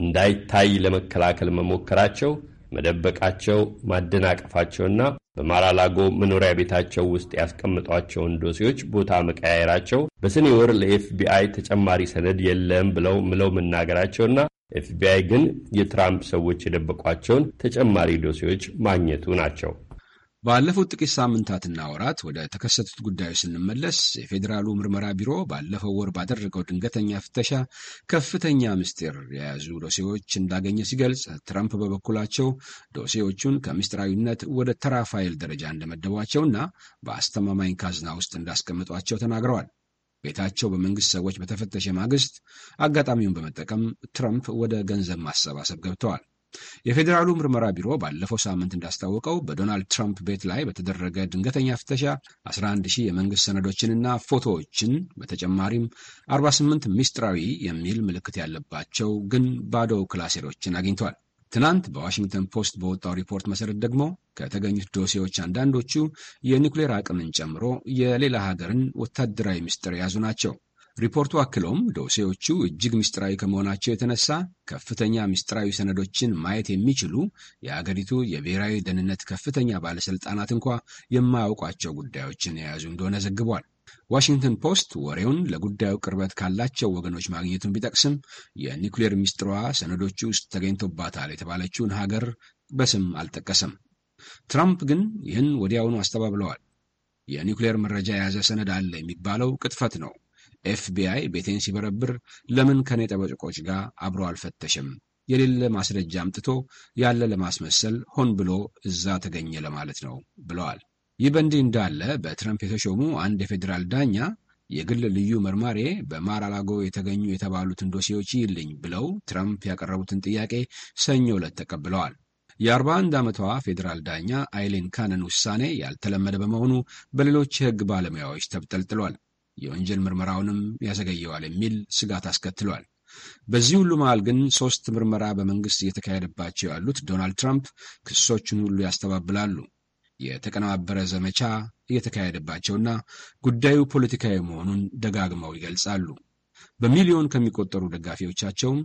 እንዳይታይ ለመከላከል መሞከራቸው መደበቃቸው፣ ማደናቀፋቸውና በማራላጎ መኖሪያ ቤታቸው ውስጥ ያስቀምጧቸውን ዶሴዎች ቦታ መቀያየራቸው፣ በሰኔ ወር ለኤፍቢአይ ተጨማሪ ሰነድ የለም ብለው ምለው መናገራቸውና ኤፍቢአይ ግን የትራምፕ ሰዎች የደበቋቸውን ተጨማሪ ዶሴዎች ማግኘቱ ናቸው። ባለፉት ጥቂት ሳምንታትና ወራት ወደ ተከሰቱት ጉዳዮች ስንመለስ የፌዴራሉ ምርመራ ቢሮ ባለፈው ወር ባደረገው ድንገተኛ ፍተሻ ከፍተኛ ምስጢር የያዙ ዶሴዎች እንዳገኘ ሲገልጽ፣ ትራምፕ በበኩላቸው ዶሴዎቹን ከምስጢራዊነት ወደ ተራ ፋይል ደረጃ እንደመደቧቸውና በአስተማማኝ ካዝና ውስጥ እንዳስቀምጧቸው ተናግረዋል። ቤታቸው በመንግስት ሰዎች በተፈተሸ ማግስት አጋጣሚውን በመጠቀም ትራምፕ ወደ ገንዘብ ማሰባሰብ ገብተዋል። የፌዴራሉ ምርመራ ቢሮ ባለፈው ሳምንት እንዳስታወቀው በዶናልድ ትራምፕ ቤት ላይ በተደረገ ድንገተኛ ፍተሻ 11 ሺህ የመንግሥት ሰነዶችንና ፎቶዎችን በተጨማሪም 48 ሚስጥራዊ የሚል ምልክት ያለባቸው ግን ባዶ ክላሴሮችን አግኝቷል። ትናንት በዋሽንግተን ፖስት በወጣው ሪፖርት መሰረት ደግሞ ከተገኙት ዶሴዎች አንዳንዶቹ የኒውክሌር አቅምን ጨምሮ የሌላ ሀገርን ወታደራዊ ምስጢር የያዙ ናቸው። ሪፖርቱ አክሎም ዶሴዎቹ እጅግ ምስጢራዊ ከመሆናቸው የተነሳ ከፍተኛ ምስጢራዊ ሰነዶችን ማየት የሚችሉ የአገሪቱ የብሔራዊ ደህንነት ከፍተኛ ባለሥልጣናት እንኳ የማያውቋቸው ጉዳዮችን የያዙ እንደሆነ ዘግቧል። ዋሽንግተን ፖስት ወሬውን ለጉዳዩ ቅርበት ካላቸው ወገኖች ማግኘቱን ቢጠቅስም የኒውክሌር ምስጢሯ ሰነዶቹ ውስጥ ተገኝቶባታል የተባለችውን ሀገር በስም አልጠቀሰም። ትራምፕ ግን ይህን ወዲያውኑ አስተባብለዋል። የኒውክሌር መረጃ የያዘ ሰነድ አለ የሚባለው ቅጥፈት ነው ኤፍቢአይ ቤቴን ሲበረብር ለምን ከኔ ጠበቆች ጋር አብሮ አልፈተሽም? የሌለ ማስረጃ አምጥቶ ያለ ለማስመሰል ሆን ብሎ እዛ ተገኘ ለማለት ነው ብለዋል። ይህ በእንዲህ እንዳለ በትረምፕ የተሾሙ አንድ የፌዴራል ዳኛ የግል ልዩ መርማሬ በማራላጎ የተገኙ የተባሉትን ዶሴዎች ይልኝ ብለው ትረምፕ ያቀረቡትን ጥያቄ ሰኞ ዕለት ተቀብለዋል። የ41 ዓመቷ ፌዴራል ዳኛ አይሌን ካነን ውሳኔ ያልተለመደ በመሆኑ በሌሎች የሕግ ባለሙያዎች ተብጠልጥሏል። የወንጀል ምርመራውንም ያዘገየዋል የሚል ስጋት አስከትሏል። በዚህ ሁሉ መሃል ግን ሶስት ምርመራ በመንግስት እየተካሄደባቸው ያሉት ዶናልድ ትራምፕ ክሶቹን ሁሉ ያስተባብላሉ። የተቀነባበረ ዘመቻ እየተካሄደባቸውና ጉዳዩ ፖለቲካዊ መሆኑን ደጋግመው ይገልጻሉ። በሚሊዮን ከሚቆጠሩ ደጋፊዎቻቸውም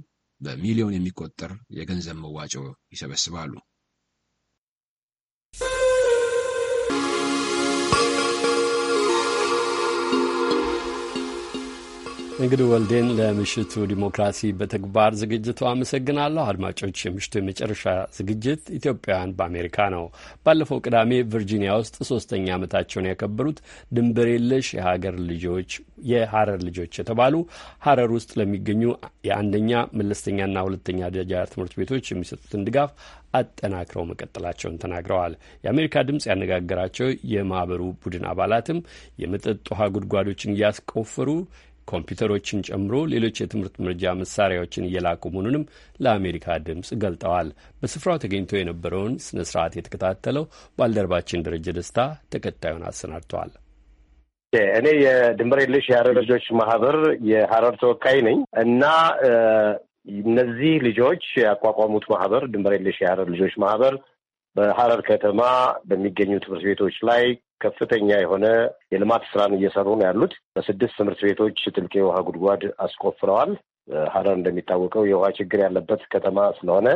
በሚሊዮን የሚቆጠር የገንዘብ መዋጮ ይሰበስባሉ። እንግዲህ ወልዴን ለምሽቱ ዲሞክራሲ በተግባር ዝግጅቱ አመሰግናለሁ። አድማጮች፣ የምሽቱ የመጨረሻ ዝግጅት ኢትዮጵያውያን በአሜሪካ ነው። ባለፈው ቅዳሜ ቨርጂኒያ ውስጥ ሶስተኛ ዓመታቸውን ያከበሩት ድንበር የለሽ የሀገር ልጆች የሀረር ልጆች የተባሉ ሀረር ውስጥ ለሚገኙ የአንደኛ መለስተኛና ሁለተኛ ደረጃ ትምህርት ቤቶች የሚሰጡትን ድጋፍ አጠናክረው መቀጠላቸውን ተናግረዋል። የአሜሪካ ድምፅ ያነጋገራቸው የማህበሩ ቡድን አባላትም የመጠጥ ውሃ ጉድጓዶችን እያስቆፈሩ ኮምፒውተሮችን ጨምሮ ሌሎች የትምህርት መርጃ መሳሪያዎችን እየላኩ መሆኑንም ለአሜሪካ ድምፅ ገልጠዋል። በስፍራው ተገኝቶ የነበረውን ስነ ስርዓት የተከታተለው ባልደረባችን ደረጀ ደስታ ተከታዩን አሰናድተዋል። እኔ የድንበር የለሽ የሀረር ልጆች ማህበር የሀረር ተወካይ ነኝ እና እነዚህ ልጆች ያቋቋሙት ማህበር ድንበር የለሽ የሀረር ልጆች ማህበር በሀረር ከተማ በሚገኙ ትምህርት ቤቶች ላይ ከፍተኛ የሆነ የልማት ስራን እየሰሩ ነው ያሉት። በስድስት ትምህርት ቤቶች ጥልቅ የውሃ ጉድጓድ አስቆፍረዋል። ሀረር እንደሚታወቀው የውሃ ችግር ያለበት ከተማ ስለሆነ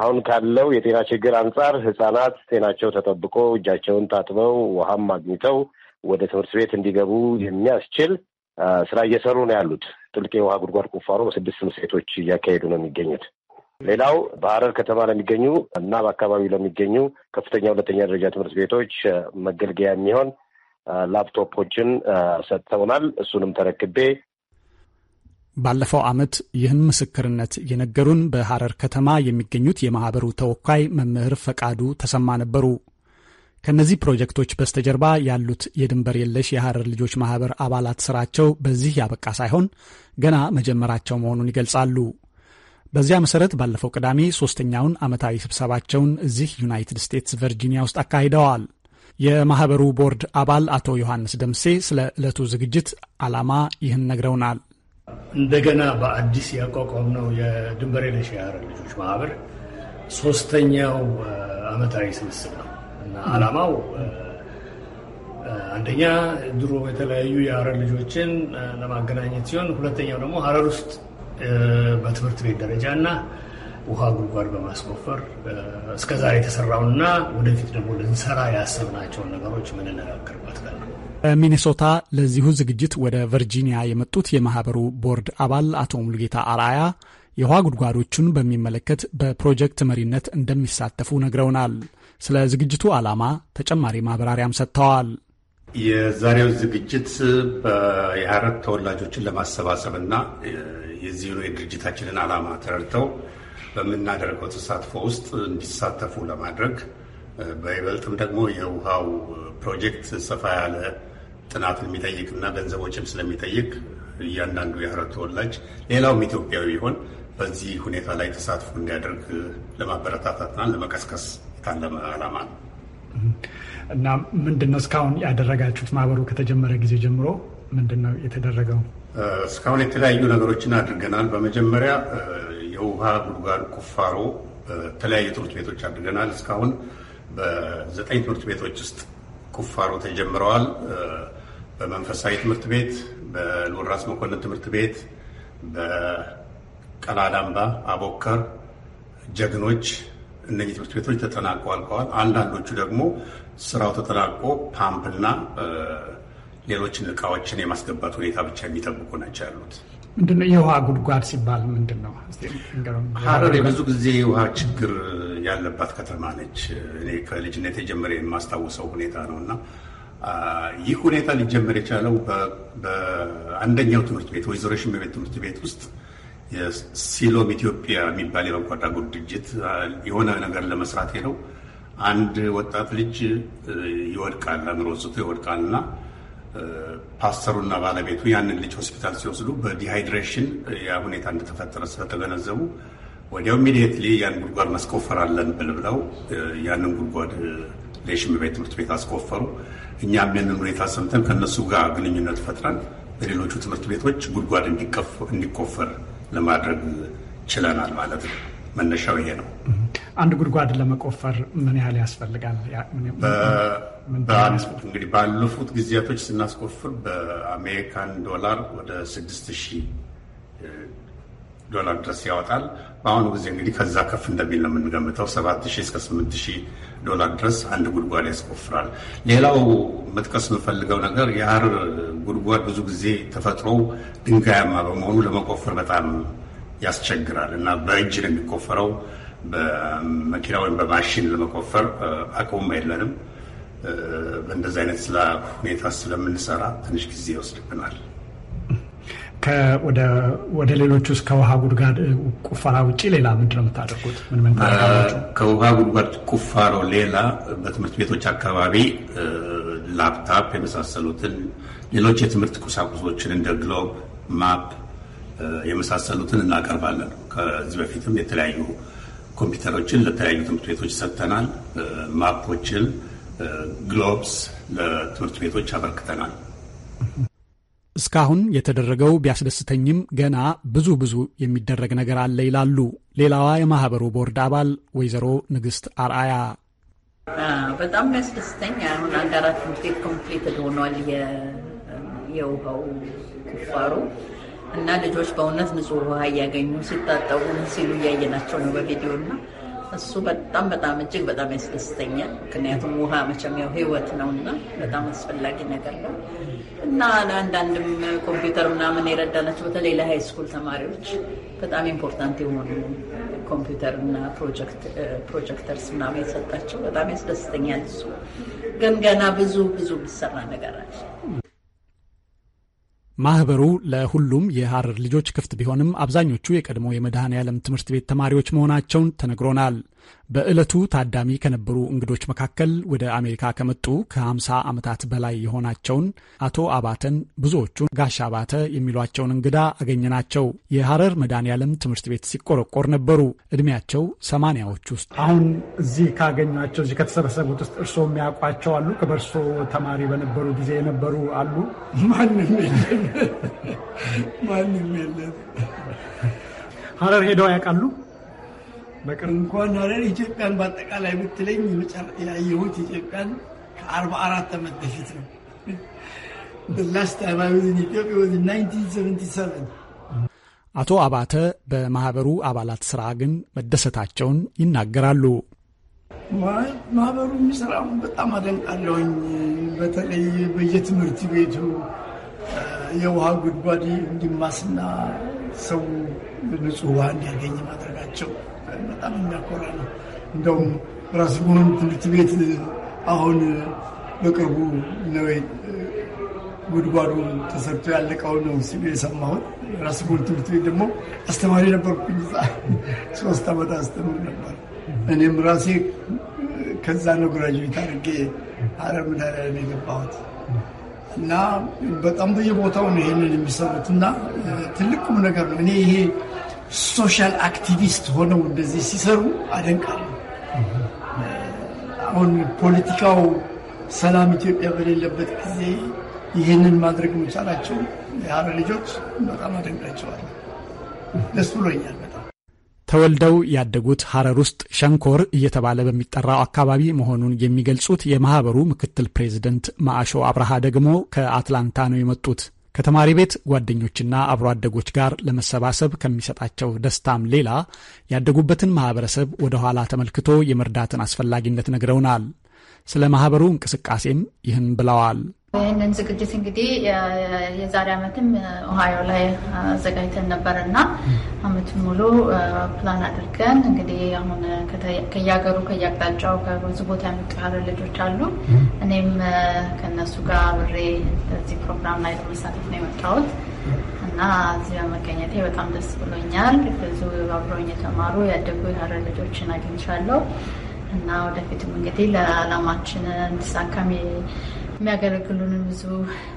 አሁን ካለው የጤና ችግር አንጻር ህጻናት ጤናቸው ተጠብቆ እጃቸውን ታጥበው ውሃም ማግኝተው ወደ ትምህርት ቤት እንዲገቡ የሚያስችል ስራ እየሰሩ ነው ያሉት። ጥልቅ የውሃ ጉድጓድ ቁፋሮ በስድስት ትምህርት ቤቶች እያካሄዱ ነው የሚገኙት። ሌላው በሐረር ከተማ ለሚገኙ እና በአካባቢው ለሚገኙ ከፍተኛ ሁለተኛ ደረጃ ትምህርት ቤቶች መገልገያ የሚሆን ላፕቶፖችን ሰጥተውናል። እሱንም ተረክቤ ባለፈው ዓመት ይህም ምስክርነት የነገሩን በሐረር ከተማ የሚገኙት የማህበሩ ተወካይ መምህር ፈቃዱ ተሰማ ነበሩ። ከእነዚህ ፕሮጀክቶች በስተጀርባ ያሉት የድንበር የለሽ የሐረር ልጆች ማህበር አባላት ስራቸው በዚህ ያበቃ ሳይሆን ገና መጀመራቸው መሆኑን ይገልጻሉ። በዚያ መሰረት ባለፈው ቅዳሜ ሶስተኛውን ዓመታዊ ስብሰባቸውን እዚህ ዩናይትድ ስቴትስ ቨርጂኒያ ውስጥ አካሂደዋል። የማህበሩ ቦርድ አባል አቶ ዮሐንስ ደምሴ ስለ ዕለቱ ዝግጅት ዓላማ ይህን ነግረውናል። እንደገና በአዲስ ነው የድንበር የለሽ የሀረር ልጆች ማህበር ሶስተኛው ዓመታዊ ስብስብ ነው እና ዓላማው አንደኛ ድሮ የተለያዩ የአረር ልጆችን ለማገናኘት ሲሆን፣ ሁለተኛው ደግሞ ሀረር ውስጥ በትምህርት ቤት ደረጃ እና ውሃ ጉድጓድ በማስቆፈር እስከዛሬ የተሰራውና ወደፊት ደግሞ ልንሰራ ያሰብናቸውን ነገሮች የምንነጋገርበት ቀን ነው። በሚኔሶታ ለዚሁ ዝግጅት ወደ ቨርጂኒያ የመጡት የማህበሩ ቦርድ አባል አቶ ሙሉጌታ አርአያ የውሃ ጉድጓዶቹን በሚመለከት በፕሮጀክት መሪነት እንደሚሳተፉ ነግረውናል። ስለ ዝግጅቱ ዓላማ ተጨማሪ ማብራሪያም ሰጥተዋል። የዛሬው ዝግጅት የሀረር ተወላጆችን ለማሰባሰብ እና የዚህ የድርጅታችንን ዓላማ ተረድተው በምናደርገው ተሳትፎ ውስጥ እንዲሳተፉ ለማድረግ በይበልጥም ደግሞ የውሃው ፕሮጀክት ሰፋ ያለ ጥናት የሚጠይቅ እና ገንዘቦችም ስለሚጠይቅ እያንዳንዱ የሀረር ተወላጅ ሌላውም ኢትዮጵያዊ ቢሆን በዚህ ሁኔታ ላይ ተሳትፎ እንዲያደርግ ለማበረታታትና ለመቀስቀስ የታለመ ዓላማ ነው። እና ምንድን ነው እስካሁን ያደረጋችሁት? ማህበሩ ከተጀመረ ጊዜ ጀምሮ ምንድን ነው የተደረገው? እስካሁን የተለያዩ ነገሮችን አድርገናል። በመጀመሪያ የውሃ ጉድጓድ ቁፋሮ በተለያዩ ትምህርት ቤቶች አድርገናል። እስካሁን በዘጠኝ ትምህርት ቤቶች ውስጥ ቁፋሮ ተጀምረዋል። በመንፈሳዊ ትምህርት ቤት፣ በልወራስ መኮንን ትምህርት ቤት፣ በቀላዳምባ፣ አቦከር፣ ጀግኖች እነዚህ ትምህርት ቤቶች ተጠናቀው አልቀዋል። አንዳንዶቹ ደግሞ ስራው ተጠናቆ ፓምፕና ሌሎችን እቃዎችን የማስገባት ሁኔታ ብቻ የሚጠብቁ ናቸው ያሉት። ምንድነው የውሃ ጉድጓድ ሲባል ምንድን ነው? ሀረር የብዙ ጊዜ የውሃ ችግር ያለባት ከተማ ነች። እኔ ከልጅነት የጀመረ የማስታውሰው ሁኔታ ነው እና ይህ ሁኔታ ሊጀመር የቻለው በአንደኛው ትምህርት ቤት ወይዘሮ ሽመቤት ትምህርት ቤት ውስጥ የሲሎም ኢትዮጵያ የሚባል የበጎ አድራጎት ድርጅት የሆነ ነገር ለመስራት ሄደው አንድ ወጣት ልጅ ይወድቃል፣ አእምሮ ስቶ ይወድቃል እና ፓስተሩና ባለቤቱ ያንን ልጅ ሆስፒታል ሲወስዱ በዲሃይድሬሽን ያ ሁኔታ እንደተፈጠረ ስለተገነዘቡ ወዲያው ኢሚዲየትሊ ያን ጉድጓድ ማስቆፈር ብል ብለው ያንን ጉድጓድ ቤት ትምህርት ቤት አስቆፈሩ። እኛም ያንን ሁኔታ ሰምተን ከእነሱ ጋር ግንኙነት ፈጥረን በሌሎቹ ትምህርት ቤቶች ጉድጓድ እንዲቆፈር ለማድረግ ችለናል ማለት ነው። መነሻው ይሄ ነው። አንድ ጉድጓድ ለመቆፈር ምን ያህል ያስፈልጋል? እንግዲህ ባለፉት ጊዜያቶች ስናስቆፍር በአሜሪካን ዶላር ወደ ስድስት ሺህ ዶላር ድረስ ያወጣል። በአሁኑ ጊዜ እንግዲህ ከዛ ከፍ እንደሚል ነው የምንገምተው። ሰባት ሺህ እስከ ስምንት ሺህ ዶላር ድረስ አንድ ጉድጓድ ያስቆፍራል። ሌላው መጥቀስ የምፈልገው ነገር የአር ጉድጓድ ብዙ ጊዜ ተፈጥሮ ድንጋያማ በመሆኑ ለመቆፈር በጣም ያስቸግራል እና በእጅ ነው የሚቆፈረው። በመኪና ወይም በማሽን ለመቆፈር አቅሙም የለንም። በእንደዚህ አይነት ስለ ሁኔታ ስለምንሰራ ትንሽ ጊዜ ይወስድብናል። ወደ ሌሎች ውስጥ ከውሃ ጉድጓድ ቁፋራ ውጭ ሌላ ምንድን ነው የምታደርጉት? ምን ምን ከውሃ ጉድጓድ ቁፋሮ ሌላ በትምህርት ቤቶች አካባቢ ላፕታፕ የመሳሰሉትን ሌሎች የትምህርት ቁሳቁሶችን እንደ ግሎብ፣ ማፕ የመሳሰሉትን እናቀርባለን። ከዚህ በፊትም የተለያዩ ኮምፒውተሮችን ለተለያዩ ትምህርት ቤቶች ሰጥተናል። ማፖችን፣ ግሎብስ ለትምህርት ቤቶች አበርክተናል። እስካሁን የተደረገው ቢያስደስተኝም ገና ብዙ ብዙ የሚደረግ ነገር አለ ይላሉ ሌላዋ የማህበሩ ቦርድ አባል ወይዘሮ ንግስት አርአያ። በጣም ያስደስተኝ አሁን አንድ አራት ትምህርት ቤት ኮምፕሌት ሆኗል። የውሃው ቁፋሮ እና ልጆች በእውነት ንጹህ ውሃ እያገኙ ሲታጠቡ ሲሉ እያየናቸው ነው በቪዲዮ እና እሱ በጣም በጣም እጅግ በጣም ያስደስተኛል። ምክንያቱም ውሃ መቼም ያው ህይወት ነው እና በጣም አስፈላጊ ነገር ነው እና ለአንዳንድም ኮምፒውተር ምናምን የረዳናቸው በተለይ ለሀይ ስኩል ተማሪዎች በጣም ኢምፖርታንት የሆኑ ኮምፒውተር እና ፕሮጀክተርስ ምናምን የሰጣቸው በጣም ያስደስተኛል። እሱ ግን ገና ብዙ ብዙ የሚሰራ ነገር አለ። ማህበሩ ለሁሉም የሐረር ልጆች ክፍት ቢሆንም አብዛኞቹ የቀድሞ የመድኃኔ ዓለም ትምህርት ቤት ተማሪዎች መሆናቸውን ተነግሮናል። በዕለቱ ታዳሚ ከነበሩ እንግዶች መካከል ወደ አሜሪካ ከመጡ ከ50 ዓመታት በላይ የሆናቸውን አቶ አባተን ብዙዎቹን ጋሽ አባተ የሚሏቸውን እንግዳ አገኘናቸው። የሐረር መድኃኔዓለም ትምህርት ቤት ሲቆረቆር ነበሩ። እድሜያቸው ሰማንያዎች ውስጥ። አሁን እዚህ ካገኟቸው እዚህ ከተሰበሰቡት ውስጥ እርስዎ የሚያውቋቸው አሉ? ከበርሶ ተማሪ በነበሩ ጊዜ የነበሩ አሉ? ማንም የለም፣ ማንም የለም። ሐረር ሄደው ያውቃሉ? እንኳን አለን ኢትዮጵያን በአጠቃላይ ብትለኝ ያየሁት ኢትዮጵያን ከአርባ አራት ዓመት በፊት ነው። አቶ አባተ በማህበሩ አባላት ስራ ግን መደሰታቸውን ይናገራሉ። ማህበሩ የሚሰራው በጣም አደንቃለሁኝ። በተለይ በየትምህርት ቤቱ የውሃ ጉድጓድ እንዲማስና ሰው ንጹህ ውሃ እንዲያገኝ ማድረጋቸው በጣም የሚያኮራ ነው። እንደውም ራሱ ጉምሩክ ትምህርት ቤት አሁን በቅርቡ ነው ጉድጓዱ ተሰርቶ ያለቀው ነው ሲሉ የሰማሁት። ራስ ጉል ትምህርት ቤት ደግሞ አስተማሪ ነበርኩኝ። ሶስት ዓመት አስተምር ነበር። እኔም ራሴ ከዛ ነው ግራጅቤት አድርጌ አረም ላይ የገባሁት እና በጣም በየቦታው ነው ይሄንን የሚሰሩት እና ትልቅ ቁም ነገር ነው። እኔ ይሄ ሶሻል አክቲቪስት ሆነው እንደዚህ ሲሰሩ አደንቃለሁ። አሁን ፖለቲካው ሰላም ኢትዮጵያ በሌለበት ጊዜ ይህንን ማድረግ መቻላቸው የሀረር ልጆች በጣም አደንቃቸዋል። ደስ ብሎኛል በጣም። ተወልደው ያደጉት ሀረር ውስጥ ሸንኮር እየተባለ በሚጠራው አካባቢ መሆኑን የሚገልጹት የማህበሩ ምክትል ፕሬዚደንት ማዕሾ አብርሃ ደግሞ ከአትላንታ ነው የመጡት። ከተማሪ ቤት ጓደኞችና አብሮ አደጎች ጋር ለመሰባሰብ ከሚሰጣቸው ደስታም ሌላ ያደጉበትን ማህበረሰብ ወደ ኋላ ተመልክቶ የመርዳትን አስፈላጊነት ነግረውናል። ስለ ማህበሩ እንቅስቃሴም ይህን ብለዋል። ይህንን ዝግጅት እንግዲህ የዛሬ ዓመትም ኦሃዮ ላይ አዘጋጅተን ነበር እና ዓመቱን ሙሉ ፕላን አድርገን እንግዲህ አሁን ከየሀገሩ ከየአቅጣጫው ከብዙ ቦታ የመጡ ልጆች አሉ። እኔም ከእነሱ ጋር አብሬ እዚህ ፕሮግራም ላይ ለመሳተፍ ነው የመጣሁት እና እዚህ በመገኘቴ በጣም ደስ ብሎኛል። ብዙ አብረውኝ የተማሩ ያደጉ የሀረር ልጆችን አግኝቻለሁ እና ወደፊትም እንግዲህ ለዓላማችን እንዲሳካም የሚያገለግሉንን ብዙ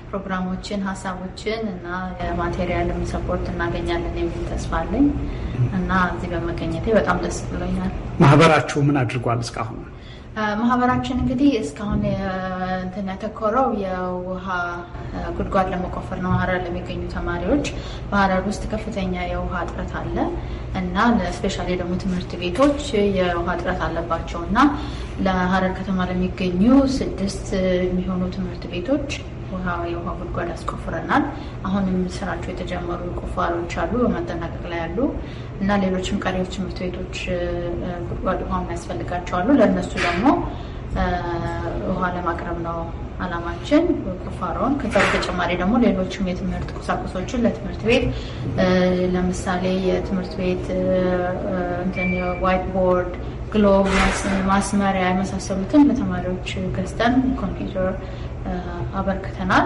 ፕሮግራሞችን፣ ሀሳቦችን እና የማቴሪያልም ሰፖርት እናገኛለን የሚል ተስፋ አለኝ እና እዚህ በመገኘቴ በጣም ደስ ብሎኛል። ማህበራችሁ ምን አድርጓል እስካሁን? ማህበራችን እንግዲህ እስካሁን እንትን ያተኮረው የውሃ ጉድጓድ ለመቆፈር ነው። ሀረር ለሚገኙ ተማሪዎች በሀረር ውስጥ ከፍተኛ የውሃ እጥረት አለ እና ስፔሻሊ ደግሞ ትምህርት ቤቶች የውሃ እጥረት አለባቸው እና ለሀረር ከተማ ለሚገኙ ስድስት የሚሆኑ ትምህርት ቤቶች የውሃ የውሃ ጉድጓድ አስቆፍረናል። አሁንም ስራቸው የተጀመሩ ቁፋሮች አሉ በማጠናቀቅ ላይ ያሉ እና ሌሎችም ቀሪዎች ትምህርት ቤቶች ጉድጓድ ውሃ የሚያስፈልጋቸው አሉ። ለእነሱ ደግሞ ውሃ ለማቅረብ ነው አላማችን ቁፋሮን። ከዛ በተጨማሪ ደግሞ ሌሎችም የትምህርት ቁሳቁሶችን ለትምህርት ቤት ለምሳሌ የትምህርት ቤት ዋይት ቦርድ፣ ግሎብ፣ ማስመሪያ የመሳሰሉትን ለተማሪዎች ገዝተን ኮምፒውተር አበርክተናል።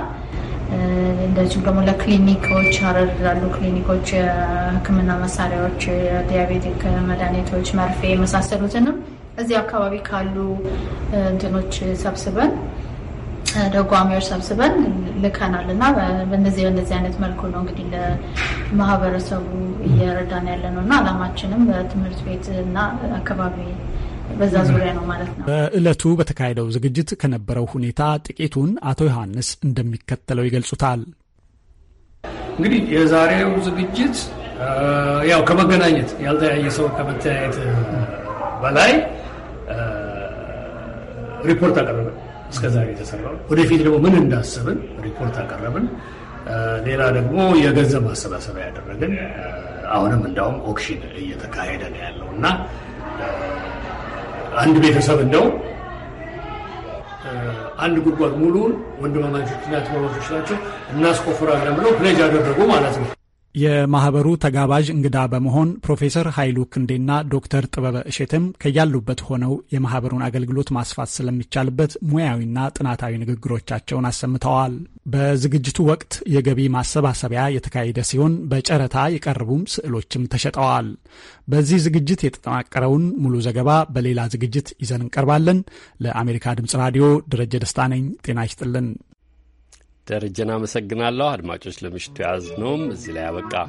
እንደዚሁም ደግሞ ለክሊኒኮች ሀረር ላሉ ክሊኒኮች የሕክምና መሳሪያዎች፣ የዲያቤቲክ መድኃኒቶች፣ መርፌ የመሳሰሉትንም እዚህ አካባቢ ካሉ እንትኖች ሰብስበን ደጓሚዎች ሰብስበን ልከናል እና በእንደዚህ በእንደዚህ አይነት መልኩ ነው እንግዲህ ለማህበረሰቡ እየረዳን ያለ ነው እና አላማችንም በትምህርት ቤት እና አካባቢ በዛ ዙሪያ ነው ማለት ነው። በእለቱ በተካሄደው ዝግጅት ከነበረው ሁኔታ ጥቂቱን አቶ ዮሐንስ እንደሚከተለው ይገልጹታል። እንግዲህ የዛሬው ዝግጅት ያው ከመገናኘት ያልተያየ ሰው ከመተያየት በላይ ሪፖርት አቀረብን። እስከዛሬ የተሰራው ወደፊት ደግሞ ምን እንዳሰብን ሪፖርት አቀረብን። ሌላ ደግሞ የገንዘብ ማሰባሰብ ያደረግን። አሁንም እንዳውም ኦክሽን እየተካሄደ ነው ያለው እና አንድ ቤተሰብ እንደው አንድ ጉድጓድ ሙሉን ወንድማማቾችና እህትማማቾች ናቸው እናስቆፍራለን ብለው ፕሌጅ አደረጉ ማለት ነው። የማህበሩ ተጋባዥ እንግዳ በመሆን ፕሮፌሰር ኃይሉ ክንዴና ዶክተር ጥበበ እሸትም ከያሉበት ሆነው የማህበሩን አገልግሎት ማስፋት ስለሚቻልበት ሙያዊና ጥናታዊ ንግግሮቻቸውን አሰምተዋል። በዝግጅቱ ወቅት የገቢ ማሰባሰቢያ የተካሄደ ሲሆን በጨረታ የቀረቡም ስዕሎችም ተሸጠዋል። በዚህ ዝግጅት የተጠናቀረውን ሙሉ ዘገባ በሌላ ዝግጅት ይዘን እንቀርባለን። ለአሜሪካ ድምጽ ራዲዮ ደረጀ ደስታ ነኝ። ጤና ይስጥልን። ደረጀን አመሰግናለሁ። አድማጮች ለምሽቱ የያዝነውም እዚህ ላይ አበቃ።